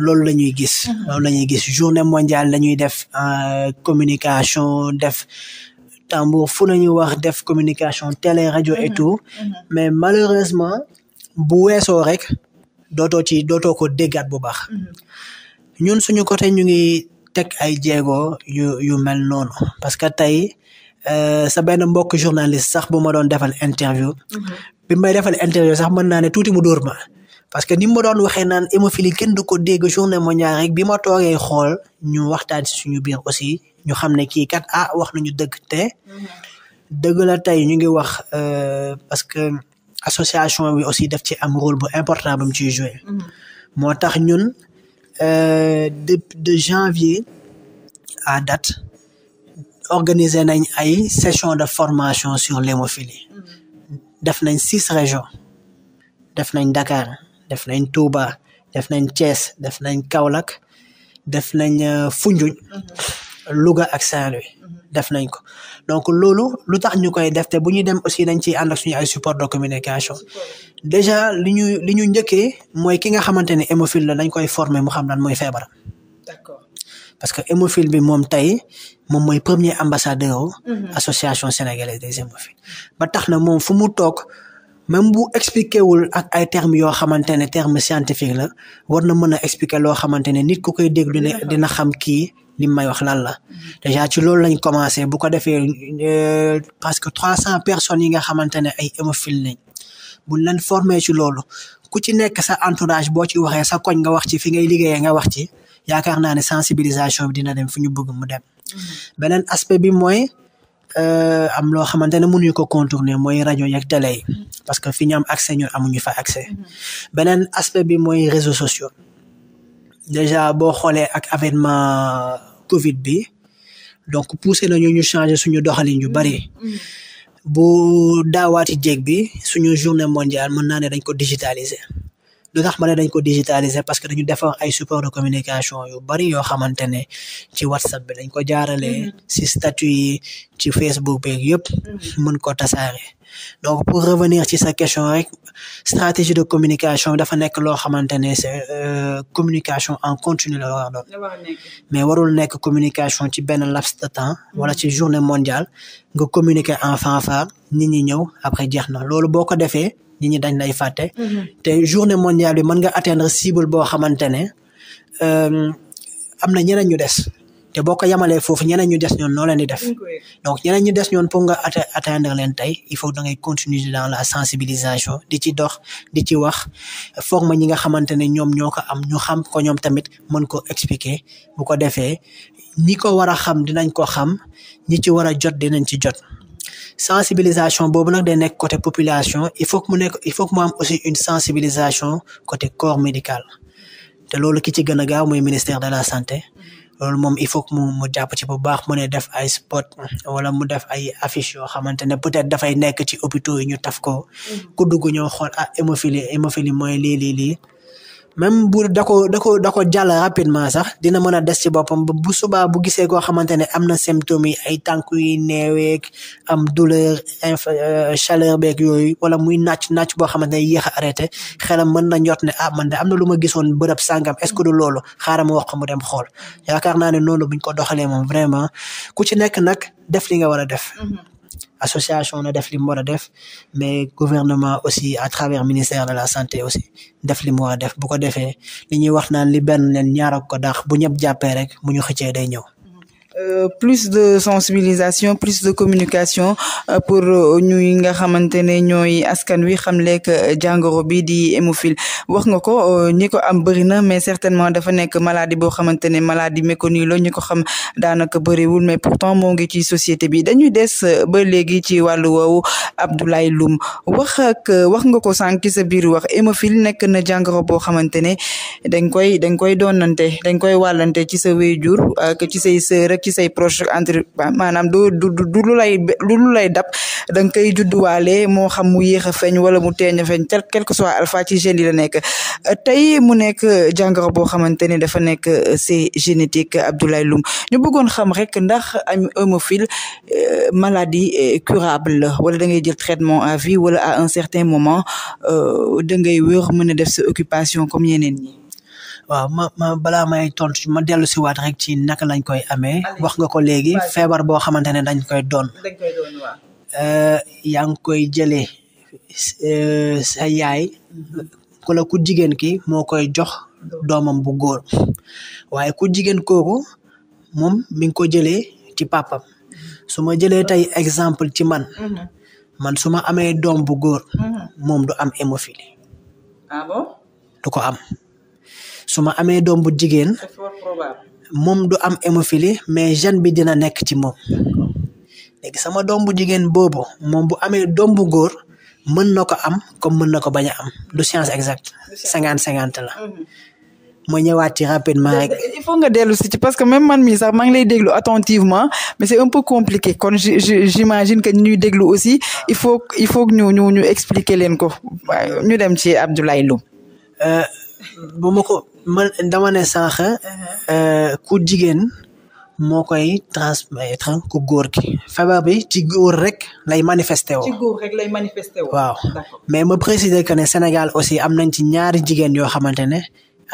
loolu la ñuy gis. Mhm. loolu la ñuy gis journée mondiale la ñuy def euh, communication def tambour fu nañu wax def communication télé rajo et mhm. tout mhm. mais malheureusement bu weesoo rek dootoo ci dootoo ko déggaat bu baax. ñun suñu côté ñu ngi teg ay jéego yu yu mel noonu parce que tey euh, sa benn mbokk journaliste sax bu ma doon defal interview. bi may defal interview sax mën naa ne tuuti mu dóor parce que ni ma doon waxee naan hémophilie kenn du ko dégg journée mondiale rek bi ma toogee xool ñu waxtaan si suñu biir aussi ñu xam ne kii kat ah wax nañu dëgg te dëgg la tey ñu ngi wax euh, parce que association bi aussi def ci am rôle bu important ba mu ciy joué. Mm-hmm. moo tax ñun euh, de de janvier à date organiser nañ ay session de formation sur l'hémophilie mm-hmm. def nañ six régions def nañ Dakar. def nañ Touba def nañ Thiès def nañ Kaolack def nañ euh, Foundiougne mhm. Louga ak Saint-Louis mhm. def nañ ko donc loolu lu tax ñu koy def te bu ñuy dem aussi dañ ci ànd ak suñu ay support de communication déjà li ñu li ñu njëkkee mooy ki nga xamante ne hémophile la koy former mu xam lan mooy feebaram d'accord parce que hémophile bi moom tey moom mooy premier ambassadeur mhm. association sénégalaise des hémophiles ba tax na moom fu mu même bu expliqué wul ak ay termes yoo xamante ne terme scientifique la war na mën a expliqué loo xamante ne nit ku koy déglu ne dina xam kii li may wax lan la déjà ci loolu lañ commencé bu ko defee euh, parce que trois cent personnes yi nga xamante ne ay hémophile lañ buñ leen formé ci loolu ku ci nekk sa entourage boo ci waxee sa koñ nga wax ci fi ngay liggéeyee nga wax ci yaakaar naa ne sensibilisation bi dina dem fi ñu bëgg mu dem mhm. beneen aspect bi mooy Euh, am loo xamante ne mënuñu ko contourner mooy rajo yeeg télé mm-hmm. parce que fi ñaam am accès ñun amuñu fa accès mm-hmm. beneen aspect bi mooy réseaux sociaux déjà boo xoolee ak avénement Covid bi donc poussé nañu ñu changer suñu doxalin yu bari mm-hmm. bu daawaati jéeg bi suñu journée mondiale mën naa ne dañ ko digitaliser lu tax ma ne dañ ko digitaliser parce que dañu defar ay support de communication yu bari yoo xamante ne ci whatsapp bi dañ ko jaarale si mhm. statut yi ci facebook beeg yëpp mhm. mën ko tasaare donc pour revenir ci sa question rek stratégie de communication dafa nekk loo xamante ne c'est euh, communication en continu la war mais warul nekk communication ci benn laps de temps mhm. wala ci journée mondiale nga communiquer en fanfare nit ñi ñëw après jeex na loolu boo ko defee nit ñi dañ lay fàtte. Mm-hmm. te journée mondiale bi mën nga atteindre cible boo xamante ne euh, am na ñeneen ñu des. te boo ko yemalee foofu ñeneen ñu des ñoon noo leen di def donc ñeneen ñu des ñoon pour nga atteindre leen tey il faut da ngay continuer dans la sensibilisation di ci dox di ci wax foog ma ñi nga xamante ne ñoom ñoo ko am ñu xam ko ñoom tamit mën ko expliquer bu ko defee ñi ko war a xam dinañ ko xam ñi ci war a jot dinañ ci jot sensibilisation boobu nag day nekk côté population il faut que nekk il faut aussi une sensibilisation côté corps médicale te loolu ki ci gën a gaaw mooy ministère de la santé loolu moom il faut que mu mu jàpp ci bu baax mu ne def ay spot wala mu def ay affiche yoo xamante ne peut-être dafay nekk ci hôpitaux yi ñu taf ko mm-hmm. ku dugg ñoo xool ah hémophilie hémophilie mooy lii lii même buur da ko da ko da ko jàll rapidement sax dina mën a des ci boppam bu subaa bu gisee koo xamante ne am na symptômes yi ay tànk yu neeweeg am douleur inf euh, chaleur beeg yooyu wala muy nàcc nàcc boo xamante ne yéex a arrêté xelam mën na njot ne ah man de am na lu ma gisoon bërëb sàngam est-ce que du loolu xaaral ma wax ko mu dem xool yaakaar naa ne noonu buñ ko doxalee moom vraiment ku ci nekk nag def li nga war a def mm-hmm. association na def li mu war a def mais gouvernement aussi à travers ministère de la santé aussi def li mu def bu ko defee li ñuy wax naan li benn leen ñaar ak ko daax bu ñëpp jàppee rek mu ñu xëccee day ñëw
Euh, plus de sensibilisation plus de communication euh, pour euh, ñuy nga xamante ne ñooy askan wi xam lekk euh, jàngoro bi di hémophile wax nga ko ñi ko am bëri na mais certainement dafa nekk maladi boo xamante ne maladie méconnue la ñu ko xam daanaka bëriwul mais pourtant moo ngi ci société bi dañuy des ba léegi ci wàllu woowu Abdoulaye Loum wax ak wax nga ko sànq sa biir wax hémophile nekk na jàngoro boo xamante ne dañ koy dañ koy doonante dañ koy wàllante ci sa wéyjur ak ci say sœur ci say proche entre maanaam du du du lu lay du lu lay dab da nga koy judduwaale moo xam mu yéex a feeñ wala mu teeñ a feeñ quel que soit alpha ci gène yi la nekk tey mu nekk jàngoro boo xamante ne dafa nekk euh, c'est génétique Abdoulaye Loum ñu bëggoon xam rek ndax am hémophile euh, maladie euh, curable la wala da ngay jël traitement à vie wala à un certain moment da ngay wér
mën a def sa occupation comme yeneen ñi waaw ma balaa may tontu ma dellu si waat rek ci naka lañ koy amee wax nga ko léegi feebar boo xamante ne dañ koy doon euh, yaa ngi koy jëlee euh, sa yaay ku la ku jigéen ki moo koy jox doomam bu góor waaye ku jigéen kooku moom mi ngi ko jëlee ci papam su ma jëlee tey exemple ci man mm-hmm. man su ma amee doom bu góor mm-hmm. moom du am hémophilie ah du ko am su ma amee doom bu jigéen moom du am hémophilie mais gène bi dina nekk ci moom sama doom bu jigéen boobu moom bu amee doom bu góor mën na ko am comme mën na ko bañ am du science exacte cinquante cinquante la ma ñëwaat ci rapidement rek. il faut nga dellu si ci parce
que même man mii sax maa ngi lay déglu attentivement mais c'est un peu compliqué kon je j'imagine que ñuy déglu aussi il faut il faut ñu ñu ñu expliquer leen ko ñu dem ci Abdoulaye Loum.
Euh, bu ma ko man dama sànq euh, ku jigéen moo koy transmettre ku góor gi feebar bi ci góor rek lay manifester woo. ci
góor waaw
mais ma préciser que ne Sénégal aussi am nañ ci ñaari jigéen yoo xamante ne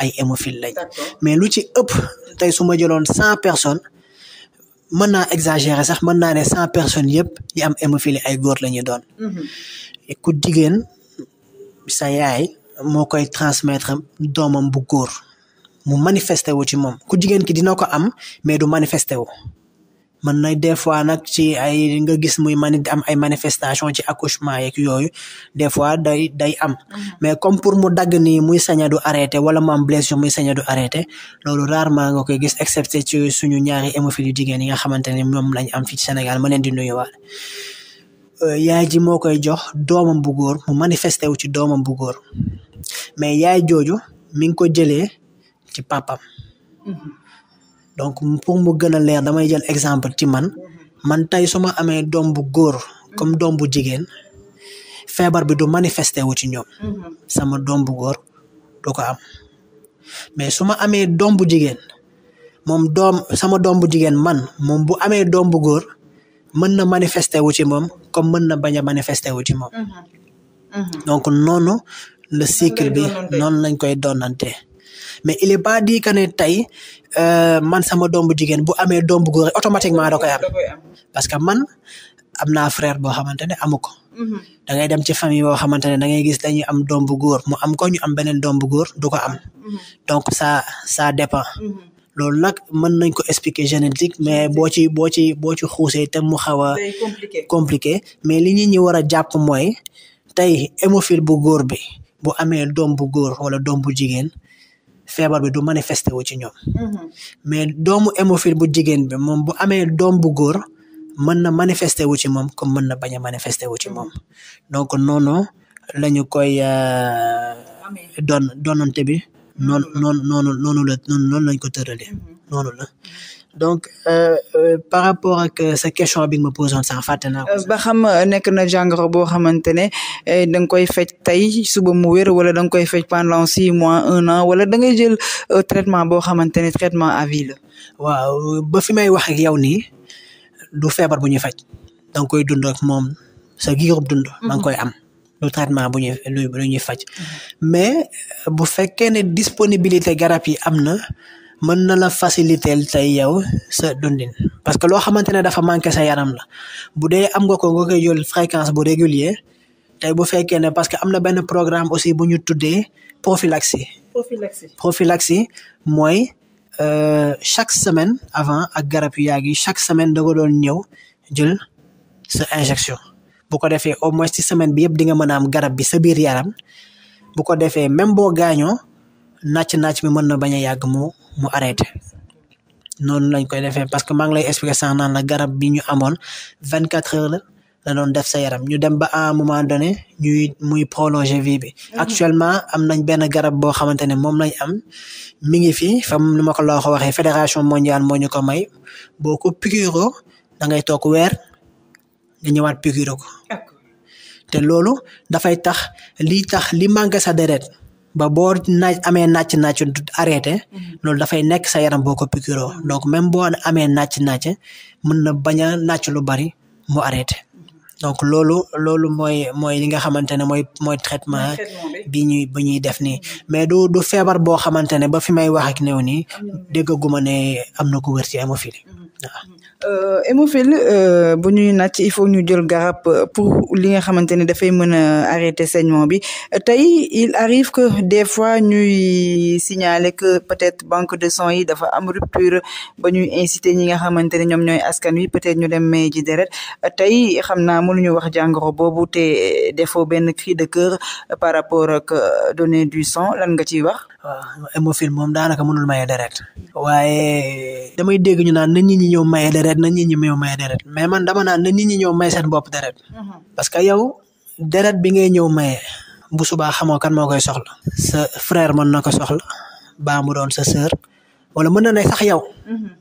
ay hémophile lañ. mais lu ci ëpp tey su ma jëloon cent personnes. mën naa exagérer sax mën naa ne cent personnes yëpp yi am hémophilie ay góor lañu doon. Mhm. ku jigéen sa yaay. moo koy transmettre doomam bu góor mu manifester wu ci moom ku jigéen ki dina ko am mais du manifester wu mën na des fois nag ci ay nga gis muy mani am ay manifestation ci accouchement yeeg yooyu des fois day day am mhm. mais comme pour mu dagg nii muy saña du arrêté wala mu am blessure muy saña du arrêté loolu rarement nga koy gis excepté ci suñu ñaari hémophiles yu jigéen yi nga xamante ne moom lañ am fii ci Sénégal ma leen di nuyuwaale yaay ji moo koy jox doomam bu góor mu manifesté wu ci doomam bu góor mais yaay jooju mi ngi ko jëlee ci papam donc pour mu gën a leer damay jël exemple ci man man tey su ma amee doom bu góor comme doom bu jigéen feebar bi du manifesté wu ci ñoom sama doom bu góor du ko am mais su ma amee doom bu jigéen moom doom sama doom bu jigéen man moom bu amee doom bu góor mën na manifesté wu ci moom comme mën na bañ a manifester wu ci mhm. Mhm. noonu le cycle bi noonu lañ koy doonante mais il est pas dit euh, man sama doom bu jigéen bu amee doom bu góor automatiquement da koy parce que man am naa frère boo xamante ne amu ko. Mhm. da dem ci famille boo xamante ne da ngay gis dañu am doom bu góor mu am ko ñu am beneen doom bu góor du am. donc ça ça dépend. loolu nag mën nañ ko expliquer génétique mais boo ci boo ci boo ci xuusee te mu xaw a compliqué mais li nit ñi war a jàpp mooy tey hémophile bu góor bi bu amee doom bu góor wala doom bu jigéen feebar bi du manifester wu ci ñoom mm-hmm. mais doomu hémophile bu jigéen bi moom bu amee doom bu góor mën na manifester wu ci moom comme mën na bañ a manifester wu ci moom mm-hmm. donc noonu lañu koy euh, doon doonante bi noonu noonu noonu noonu la noonu lañ ko tëralee mhm. noonu la donc euh, euh, par rapport ak euh, sa question bi nga ma posoon sax fàtte naa ko. ba xam
nekk na jàngoro boo xamante ne da nga koy faj tey suba mu wér wala da nga koy faj pendant six mois un an wala da ngay jël traitement boo xamante ne traitement à vie la.
waaw ba fi may wax ak yow nii du feebar bu ñuy faj. da nga koy dund ak moom sa giirub dund. da nga mhm. koy am. du traitement bu ñuy ñuy faj mm-hmm. mais bu fekkee ne disponibilité garab yi am na mën na la faciliter tey yow sa dundin parce que loo xamante ne dafa manqué sa yaram la bu dee am nga ko nga koy jël fréquence bu régulier tey bu fekkee ne parce que am na benn programme aussi bu ñu tuddee prophylaxie. prophylaxie prophylaxie mooy euh, chaque semaine avant ak garab yu yi chaque semaine da doon ñëw jël sa injection. bu ko defee au moins ci semaine bi yëpp di nga am garab bi sa biir yaram bu ko defee même boo gaañoo nàcc nàcc bi mën na bañ a yàgg mu mu arrêté noonu lañ koy defee parce que maa ngi lay expliqué sax naan na garab bi ñu amoon vingt quatre heures la la def sa yaram ñu dem ba à un moment donné ñuy muy prolongé vie bi. Mhm. actuellement am nañ benn garab boo xamante ne moom lañ am mi ngi fi fam ni ma ko la waxee fédération mondiale moo ñu ko may boo ko piqûre da ngay toog weer. nga ñëwaat piqûre ko te loolu dafay tax li tax li manqué sa deret ba boo na amee nàcc nàcc du arrêté mhm. loolu dafay nekk sa yaram boo ko piqûre donc même boo amee nàcc nàcc mën na bañ a nàcc lu bari mu arrêté donc loolu loolu mooy mooy li nga xamante ne mooy mooy traitement bi ñuy bi ñuy def nii mais du du feebar boo xamante ne ba fi may wax ak néew nii déggaguma ne am na ko wér ci mm-hmm. euh, hémophile
waaw euh, hémophile bu ñuy natt il faut ñu jël garab pour li nga xamante ne dafay mën a arrêter saignement bi tey il arrive que des fois ñuy signaler que peut-être banque de sang yi dafa am rupture ba ñuy inciter ñi nga xamante ne ñoom ñooy askan wi peut-être ñu dem may ji deret tey xam naa mënuñu wax jàngoro boobu te eh, defoo benn cri de cœur eh, par rapport ak eh, données du
sang lan nga ciy wax. waaw hémophile moom daanaka mënul maye deret. waaye damay dégg ñu naan na nit ñi ñëw maye deret na nit ñi ñëw maye deret mais man dama naan na nit ñi ñëw may seen bopp deret. Mm-hmm. parce que yow deret bi ngay ñëw maye. bu subaa xamoo kan moo koy soxla. sa frère mën na ko soxla. baa mu doon sa sœur. wala mën na ne sax yow. Mm-hmm.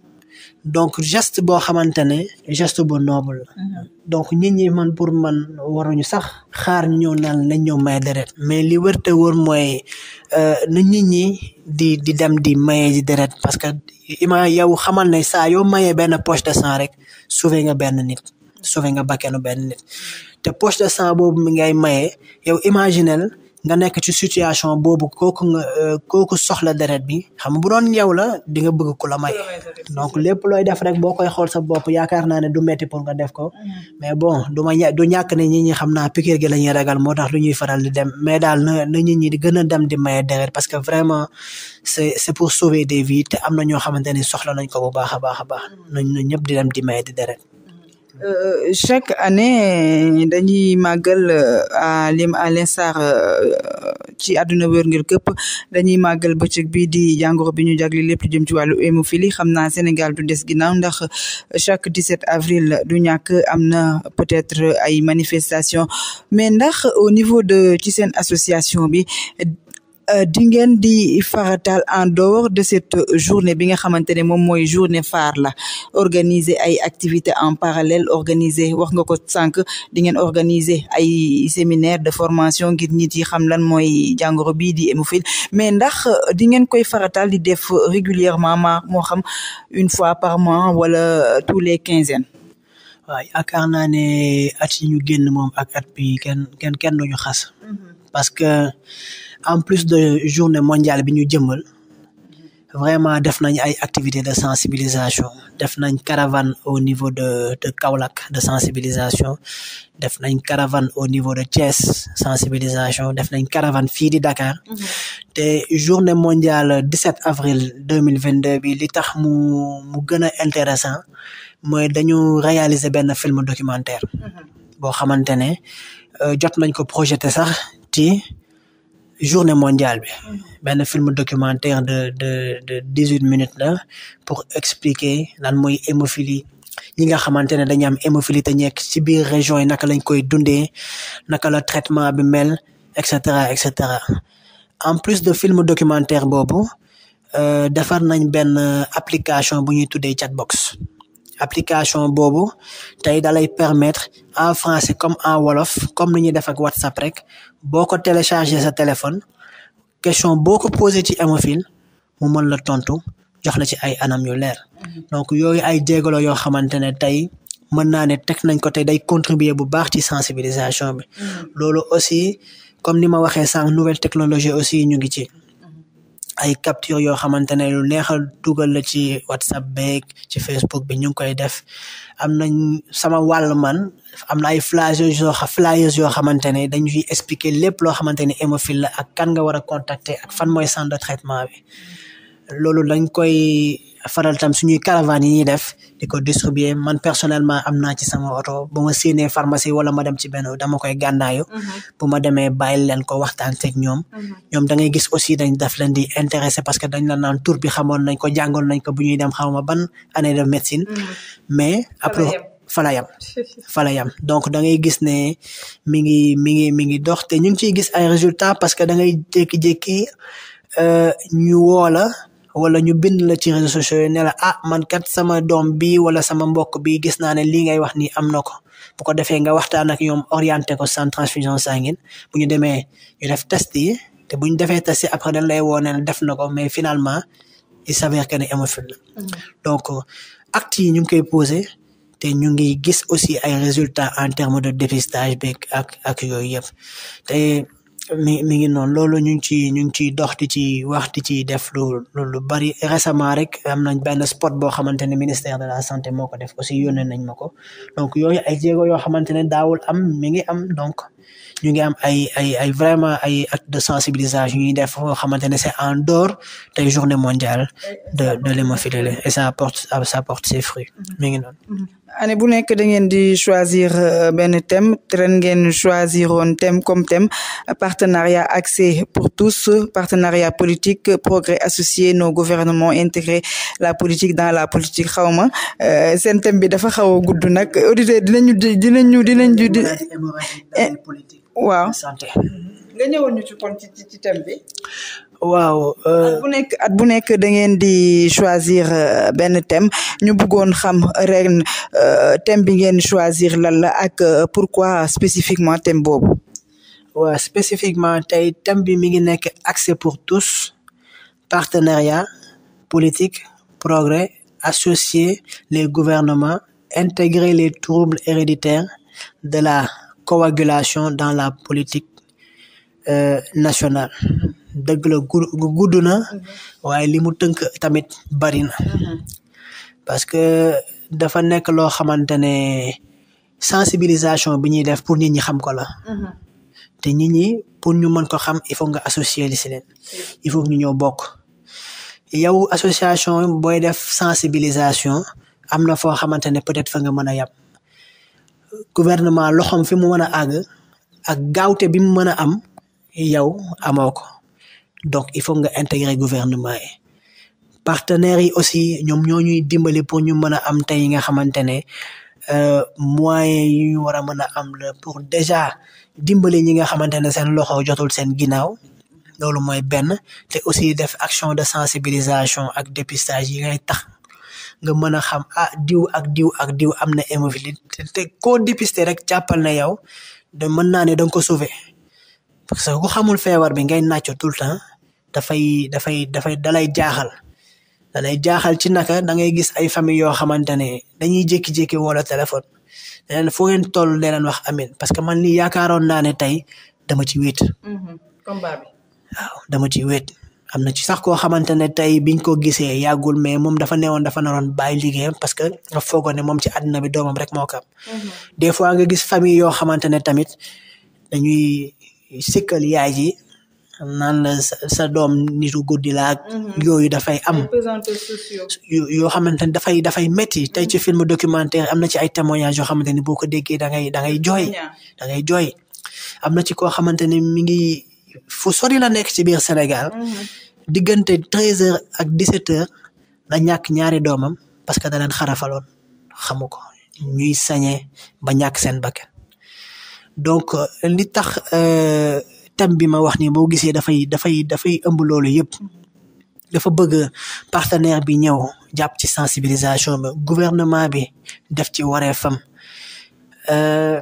donc geste boo xamante ne geste bu noble la mhm. donc nit ñi man pour man waruñu sax xaar ñëw naan lañ ñëw may deret mais li wër te wër mooy euh, na nit ñi di di dem di maye ji deret parce que ima yow xamal ne saa yoo mayee benn poche de sang rek sauver nga benn nit sauver nga bakkanu benn nit te poche de sang boobu mi ngay maye yow imaginel nga nekk ci situation boobu kooku nga euh, kooku soxla deret bi xam bu doon yow la di nga bëgg ku la may donc lépp looy def rek boo koy xool sa bopp yaakaar naa ne du metti pour nga def ko mais bon du ma du ñàkk ne ñi ñi xam naa piqûre gi la ñuy ragal moo tax lu faral di dem mais daal na na ñit ñi di gën a dem di maye deret parce que vraiment c'est c'est pour sauver des vies te am na ñoo xamante ni soxla nañ ko bu baax a baax a baax nañ ñëpp di dem di maye di deret
Euh, chaque année dañuy màggal euh, à lim à l'instar euh, ci àdduna wër ngir këpp dañuy màggal bëccëg bi di jàngoro bi ñu jagli lépp lu jëm ci wàllu hémophilie xam naa Sénégal du des ginnaaw ndax chaque 17 avril du ñàkk am na peut-être ay manifestation mais ndax au niveau de ci seen association bi Euh, di ngeen di faratal en dehors de cette journée bi nga xamante ne moom mooy journée phare la organiser ay activités en parallèle organiser wax nga ko sànq di ngeen organiser ay séminaire de formation ngir nit yi xam lan mooy jàngoro bii di hémophile mais ndax euh, di ngeen koy faratal di def régulièrement ma moo xam une fois par mois wala euh, tous les quinzaines
waaw yaakaar naa ne at yi ñu génn moom ak at bi kenn kenn kenn xas mhm. parce que en plus de journée mondiale bi ñu jëmal vraiment def nañ ay activités de sensibilisation def nañ caravane au niveau de de Kaolack de sensibilisation def nañ caravane au niveau de Thiès sensibilisation def nañ caravane fii di Dakar mhm. te journée mondiale 17 avril 2022 bi li tax mu mu gën a intéressant mooy dañu réaliser benn film documentaire mhm. boo xamante ne euh, jot nañ ko projeté sax ci journée mondiale bi mm-hmm. benn film documentaire de de de dix-huit minutes la pour expliquer lan mooy hémophilie ñi nga xamante ne dañu am hémophilie te ñekk biir région yi naka lañ koy dundee naka la traitement bi mel et cetera et cetera en plus de film documentaire boobu euh, defar nañ benn application bu ñuy tuddee Chatbox application boobu tey dalay permettre en français comme en wolof comme ni ñuy def ak WhatsApp rek boo ko téléchargé sa téléphone question boo ko posé ci hémophile mu mën la tontu jox la ci ay anam yu leer donc yooyu ay jéegalo yoo xamante ne tey mën naa ne teg nañ ko tey day contribuer bu baax ci sensibilisation bi mm. loolu aussi comme ni ma waxee sànq nouvelle technologie aussi ñu ngi ci ay capture yoo xamante ne lu neexal dugal la ci whatsapp beeg ci facebook bi ñu ngi koy def am nañ sama wàll man am na ay flyers yoo flyers yoo xamante ne dañuy expliquer lépp loo xamante ne hémophile la ak kan war a contacter ak fan mooy centre de traitement bi loolu lañ koy faral tam suñuy caravanes yi ñuy def di ko distribuer man personnellement am naa ci sama oto bu ma séenee pharmacie wala ma dem ci benn dama koy gànnaayu mhm. bu ma demee bàyyil leen ko waxtaan seek ñoom mhm. ñoom da ngay gis aussi dañ daf leen di intéressé parce que dañ naan tur bi xamoon nañ ko jàngoon nañ ko bu ñuy dem xawma ban année de médecine mhm. mais après fala yam fala yam donc da ngay gis ne mi ngi mi ngi mi ngi dox te ñu ngi ciy gis ay résultats parce que dangay ngay jékki-jékki euh, ñu woola wala ñu bind la ci réseaux sociaux yi ne la ah man kat sama doom bi wala sama mbokk bi gis naa ne lii ngay wax nii am na ko bu ko defee nga waxtaan ak ñoom orienté ko sans transfusion sanguine bu ñu demee ñu def test yi te bu ñu defee test yi après dañ lay woo ne def na ko mais finalement il s'avère que ne hémophile la mm-hmm. donc acte yi ñu ngi koy posé te ñu ngi gis aussi ay résultats en termes de dépistage beeg ak ak yooyu yëpp mi mi ngi noonu loolu ñu ngi ciy ñu ngi ciy dox di ci wax di ci def lu lu bari récemment rek am nañ benn spot boo xamante ne ministère de la santé moo ko def aussi yónnee nañ ma ko donc yooyu ay jéego yoo xamante ne daawul am mi ngi am donc ñu ngi am ay ay ay vraiment ay acte de sensibilisation ñuy def foo xamante ne c'est en dehors des journées mondiales de de l'hémophilie et ça porte ça porte ses fruits mm-hmm. mi ngi noonu mm-hmm.
année bu nekk da ngeen di choisir euh, benn thème ren ngeen choisir woon thème comme thème partenariat accès pour tous partenariat politique progrès associé nos gouvernements intégrer la politique dans la politique xawma euh, seen thème bi dafa xaw a gudd nag auditeur dinañu dinañu dinañu di waaw nga ñëwoon bi waaw. Euh, at bu nekk at bu nekk da ngeen di choisir euh, benn thème ñu bëggoon xam ren euh, thème bi ngeen choisir lan la ak pourquoi
spécifiquement thème boobu. waaw spécifiquement tey thème bi mi ngi nekk accès pour tous partenariat politique progrès associer les gouvernements intégré les troubles héréditaires de la coagulation dans la politique euh, nationale. dëgg la gudd na mhm. waaye li mu tënk tamit bari na mhm. parce que dafa nekk loo xamante ne sensibilisation bi ñuy def pour nit ñi xam ko la mhm. te nit ñi pour ñu mën ko xam il faut nga associer li il faut ñu ñëw bokk yow association booy def sensibilisation am na foo xamante ne peut-être fa nga mën a yàpp gouvernement loxoom fi mu mën a àgg ak gaawte bi mu mën a am yow amoo ko donc il faut nga intégrer gouvernement yi partenaires yi aussi ñoom ñoo ñuy dimbali pour ñu mën a am tey nga xamante ne euh, moyens yi ñu war a mën a am pour déjà dimbali ñi nga xamante ne seen loxo jotul seen ginnaaw loolu mooy benn te aussi def action de sensibilisation ak dépistage yi ngay tax nga mën a xam ah diw ak diw ak diw am na hémophilité te koo dépister rek jàppal na yow de mën naa ne da nga ko sauver parce que ku xamul feebar bi ngay nàcco tout le temps dafay dafay dafay dalay jaaxal dalay jaaxal ci naka da ngay gis ay famille yoo xamante ne dañuy jékki-jékki wala téléphone leneen foo ngeen toll leneen wax amin parce que man lii yaakaaroon naa ne tey dama ci wéet. Mm-hmm. dama ci wéet. am na ci sax koo xamante ne tey biñ ko gisee yàggul mais moom dafa newoon dafa naroon bàyyi liggéeyam parce que nga foogoon moom ci àddina bi doomam rek moo ko am. Mm-hmm. des fois nga gis famille yoo xamante ne tamit dañuy sikkal yaay ji naan la sa doom nitu guddi la mhm. yooyu dafay am yoo xamante ne dafay dafay métti tey ci film documentaire am na ci ay témoignages yoo xamante ni boo ko déggee dangay ngay da ngay jooy dangay jooy am na ci koo xamante ne mi ngi fu sori la nekk ci biir Sénégal mhm. diggante treize ak dix-sept heures la ñàkk ñaari doomam parce que da xarafaloon xamu ko ñuy sañee ba ñàkk seen bakkan donc li tax euh, thème bi ma wax ni boo gisee dafay dafay dafay ëmb loolu yëpp dafa bëgg partenaire bi ñëw jàpp ci sensibilisation bi gouvernement bi def ci wareefam euh,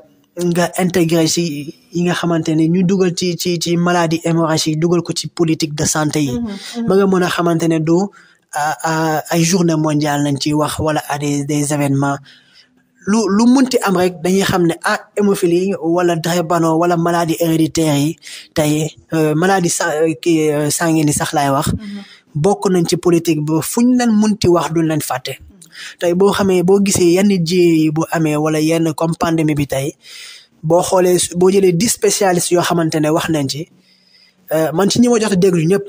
nga intégré si yi nga xamante ne ñu dugal ci ci ci maladie hémorragique dugal ko ci politique de santé yi mm-hmm, mm-hmm. ba nga a xamante ne du ay journée mondiale lañ ci wax wala à des des lu lu munti am rek dañuy xam ne ah hémophilie wala drépano wala maladie héréditaire yi tey euh, maladie sa euh, kii euh, sanguine sax laay wax mhm. bokk nañ ci politique bo fuñ ñu leen munti wax duñ leen fàtte tey boo xamee boo gisee yenn ji bu amee wala yenn comme pandémie bi tey boo xoolee boo jëlee dix spécialistes yoo xamante ne wax nañ ci man ci ñi ma jot a déglu ñëpp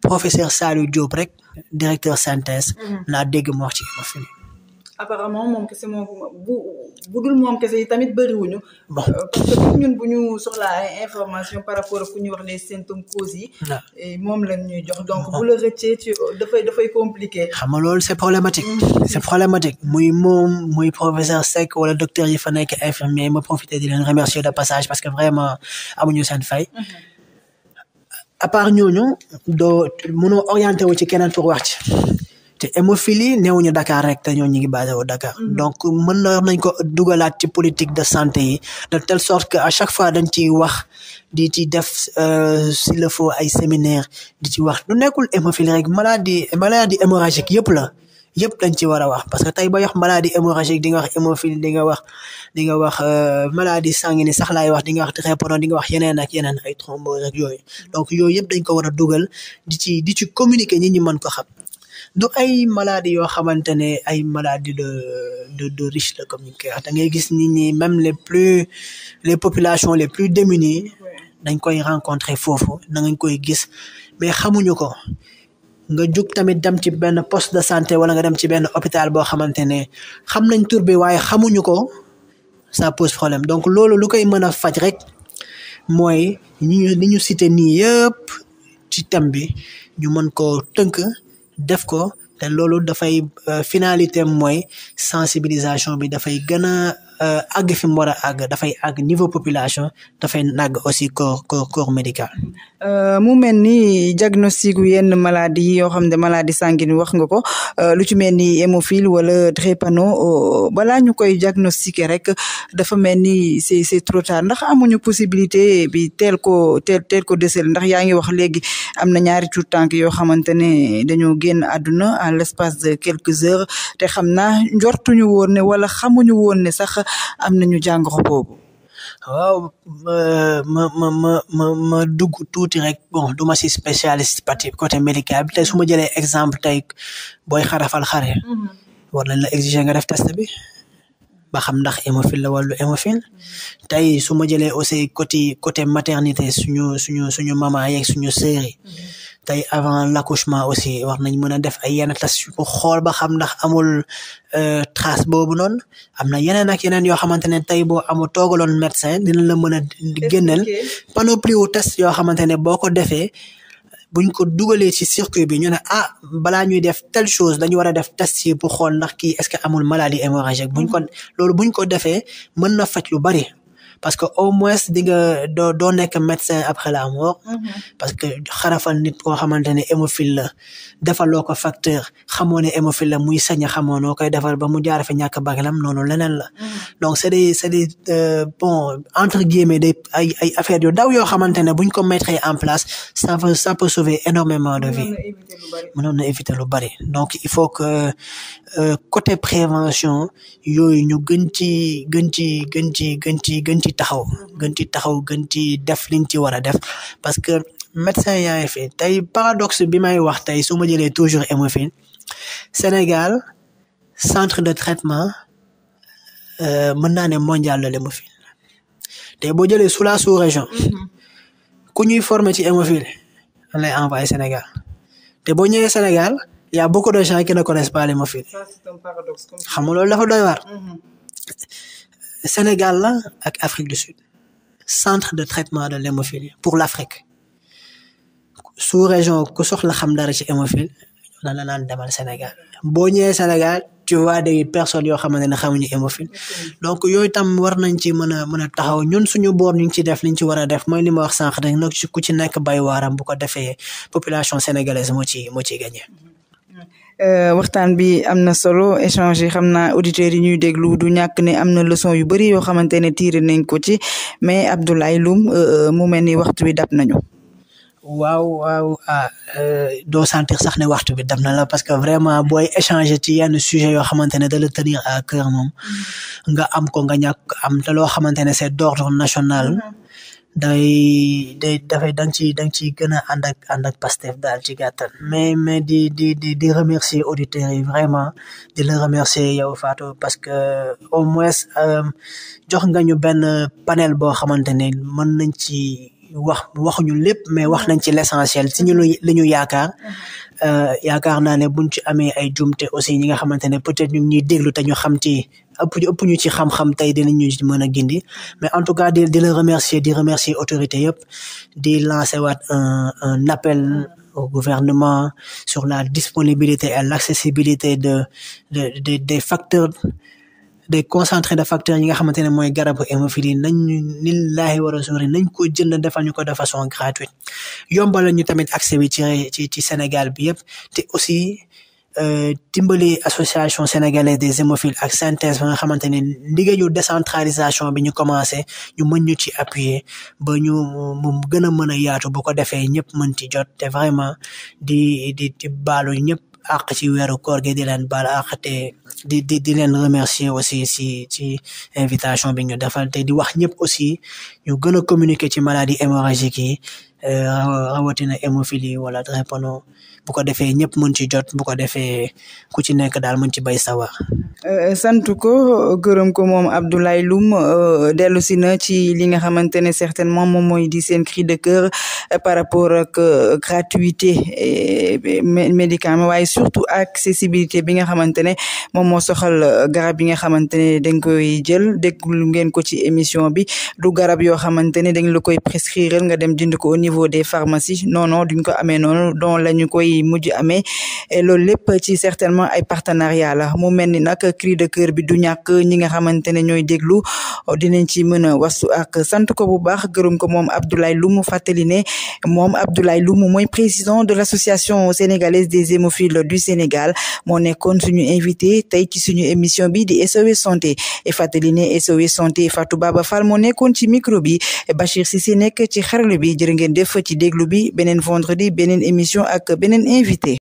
professeur Saliou Diop rek directeur synthèse mhm. laa dégg wax ci hémophilie
apparemment moom kese moom bu bu dul moom kese tamit bëriwuñu. bon euh, parce que ñun bu ñu soxlaa information par rapport ak ku ñuy wax les symptômes causes yi. moom lañ ñuy jox donc bu la rëccee ci dafay compliqué.
xam nga loolu c'est problématique. Mm. c'est problématique muy moom muy professeur Seck wala docteur yi fa nekk infirmier ma profité di leen remercier de passage parce que vraiment amuñu seen fay. Mm-hmm. à part ñooñu doo mënoo orienté wu ci keneen pour wax ci. te hémophilie néewuñu Dakar rek te ñoo ñu ngi basé wu Dakar mhm. donc mën na nañ ko dugalaat ci politique de santé yi de telle sorte que à chaque fois dañ ciy wax di ci def euh, s'il le faut ay séminaire di ci wax du nekkul hémophilie rek maladie maladie hémorragique yëpp la yëpp dañ ci war a wax parce que tey ba wax maladie hémorragique di nga wax hémophilie di nga wax di nga wax euh, maladie sanguine sax laay wax di nga wax drépano di nga wax yeneen ak yeneen ay thrombose ak mhm. yooyu yëpp dañ ko war a dugal di ci di ci communiquer nit ñi mën ko xam du ay maladie yoo xamante ne ay maladie de de de riche la comme ni ñu koy wax gis ni ñi même les plus les populations les plus démunies dañ koy rencontrer foofu da ngañ koy gis mais xamuñu ko nga jug tamit dem ci benn poste de santé wala nga dem ci benn hôpital boo xamante ne xam nañ tur waaye xamuñu ko sa pose problème donc loolu lu koy mën a faj rek mooy ñu li ñu cité nii yëpp ci thème bi ñu mën ko tënk def ko te loolu dafay euh, finalité mooy sensibilisation bi dafay gën a Euh, àgg fi mu war a àgg dafay àgg niveau population dafay nàgg aussi corps corps corps médical.
Euh, mu mel ni diagnostic yenn maladie yi yoo xam ne maladie sanguine wax nga ko euh, lu ci mel ni hémophile wala drépano balaa ñu koy diagnostiquer rek dafa mel ni c'est trop tard ndax amuñu possibilité bi teel ko teel teel ko desel ndax yaa ngi wax léegi am na ñaari tuut tànk yoo xamante ne dañoo génn àdduna à l'espace de quelques heures te xam
naa njortuñu woon ne
wala xamuñu woon ne sax. am nañu jàngoro boobu.
waaw ma ma ma ma ma dugg tuuti rek bon du ma si spécialiste parti côté médical bi tey su ma jëlee exemple tey booy xarafal xare. Mm-hmm. war nañ la exiger nga def test bi. ba xam ndax hémophile la wàllu hémophile tey su ma jëlee aussi côté côté maternité suñu suñu suñu maman yeeg suñu sœur yi mm-hmm. tey avant l'accouchement aussi war nañ mën a def ay yenn tas yu xool ba xam ndax amul euh, trace boobu noonu am na yeneen ak yeneen yoo xamante ne tey boo amul toogaloon médecin dina la mën a génneel panoplie wu test yoo xamante ne boo ko defee buñ ko dugalee ci circuit bi ñu ne ah balaa ñuy def telle chose dañu war a def test yi bu xool ndax kii est-ce que amul maladie hémorragique buñ ko loolu buñ ko defee mën na faj lu bari parce que au moins di nga doo doo nekk médecin après la mort. Mm-hmm. parce que xarafal nit koo xamante ne hémophile la defaloo ko facteur xamoo ne hémophile la muy sañ a xamoo noo koy defal ba mu jaar fi ñàkk bagalam noonu leneen la. Mm-hmm. donc c'est des c'est des euh, bon entre guillemets des ay ay affaires yu ndaw yoo xamante ne buñ ko mettre en place ça peut ça peut sauver énormément de vies. mënoon na éviter lu bari donc il faut que euh, côté prévention yooyu ñu gën ci gën ci gën ci gën ci gën ci taxaw gën ci taxaw gën ci def liñ ci war a def parce que médecin yaa ngi fi tey paradoxe bi may wax tey su ma jëlee toujours hémophile Sénégal centre de traitement euh, mën naa ne mondial la l'hémophile tey boo jëlee sous la sous-région mm-hmm. ku ñuy former ci hémophile on lay envoyé Sénégal te boo ñëwee Sénégal y a beaucoup de gens qui ne pas l'hémophile xam nga loolu dafa Sénégal la ak Afrique du Sud centre de traitement de l'hémophilie pour l'Afrique sous région ku soxla xam dara ci hémophile na la naan demal Sénégal boo ñëwee Sénégal tu de des personnes yoo xamante ne xamuñu hémophile donc yooyu tam war nañ ci mën a mën a taxaw ñun suñu boor ñu ngi ci def liñ ci war a def mooy li ma wax sànq rek nag ku ci nekk bay waaram bu ko defee population sénégalaise moo ci moo ciy gagné
Euh, waxtaan bi am na solo échange yi xam naa auditeurs yi ñuy déglu du ñàkk ne am na leçon yu bëri yoo xamante ne tiire nañ ko ci
mais Abdoulaye Loum euh, mu mel ni waxtu bi dab nañu. waaw waaw ah, euh, doo sentir sax ne waxtu bi dem na la parce que vraiment booy échanger ci yenn sujet yoo xamante ne da la tenir à cœur moom mm-hmm. nga am ko nga ñàkk am te loo xamante ne c'est d'ordre national. Mm-hmm. day day dafay da nga ciy da nga ciy gën a ànd ak ànd ak Pastef daal ci gàttal mais mais di di di di remercier auditeurs yi vraiment di la remercier yow Fatou parce que au moins euh, jox nga ñu benn panel boo xamante ne mën nañ ci wax waxuñu lépp mais wax nañ ci l'essentiel si ñu li ñu yaakaar euh, yaakaar naa ne buñ ci amee ay jumte aussi ñi nga xamante ne peut-être ñu ngi ñuy déglu te ñu xam ci ëpp ëpp ñu ci xam-xam tey dinañ ñu mën a gindi mais en tout cas di di di remercier autorité yëpp di lancer waat un appel au gouvernement sur la disponibilité et l'accessibilité de de de des facteurs des concentrés de facteurs yi nga xamante ne mooy garabu hémophilie nañ ñu lillahi wara rasuli nañ ko jënd defal ñu de façon gratuite yombal ñu tamit accès bi ci ci ci Sénégal bi yëpp te aussi. Euh, dimbali association sénégalaise des hémophiles ak synthèse ba nga xamante ne liggéeyu décentralisation bi ñu commencé ñu mën ñu ci appuyer ba ñu mu gën a mën a yaatu bu ko defee ñëpp mën ci jot te vraiment di di di baalu ñëpp àq ci weeru koor gi di leen baal àq te di di di leen aussi si ci invitation bi ñu defal te di wax ñëpp aussi ñu gën a communiquer ci maladie hémorragique yi rawatina hémophilie wala drépano bu ko defee ñëpp mën ci jot bu ko defee ku ci nekk daal mën ci bay sawar
sant ko gërëm ko moom Abdoulaye Loum dellu si na ci li nga xamante ne certainement moom mooy di seen cri de cœur par rapport ak gratuité médicament waaye surtout accessibilité bi nga xamante moom moo soxal euh, garab yi nga xamante ne dañ koy jël déglu ngeen ko ci émission bi du garab yoo xamante ne dañ la koy prescrire nga dem jënd ko au niveau des pharmacies nono non duñ ko amee noonu donc la ñu koy mujj amee loolu lépp ci certainement ay partenariat la mu mel ni nag cri de cœur bi du ñàkk ñi nga xamante ne ñooy déglu euh, dinañ ci mën a wastu ak sant ko bu baax gërëm ko moom Abdoulaye Loum fàttali ne moom Abdoulaye Loum mooy président de l'association sénégalaise des hémophiles du Sénégal moo nekkoon suñu tey ci suñu émission bi di SOS santé e fàttali ne SOS santé Fatou Baba Fall moo nekkoon ci micro bi e Bachir si nekk ci xarala bi jërë ngeen def ci déglu bi beneen vendredi beneen émission ak beneen invité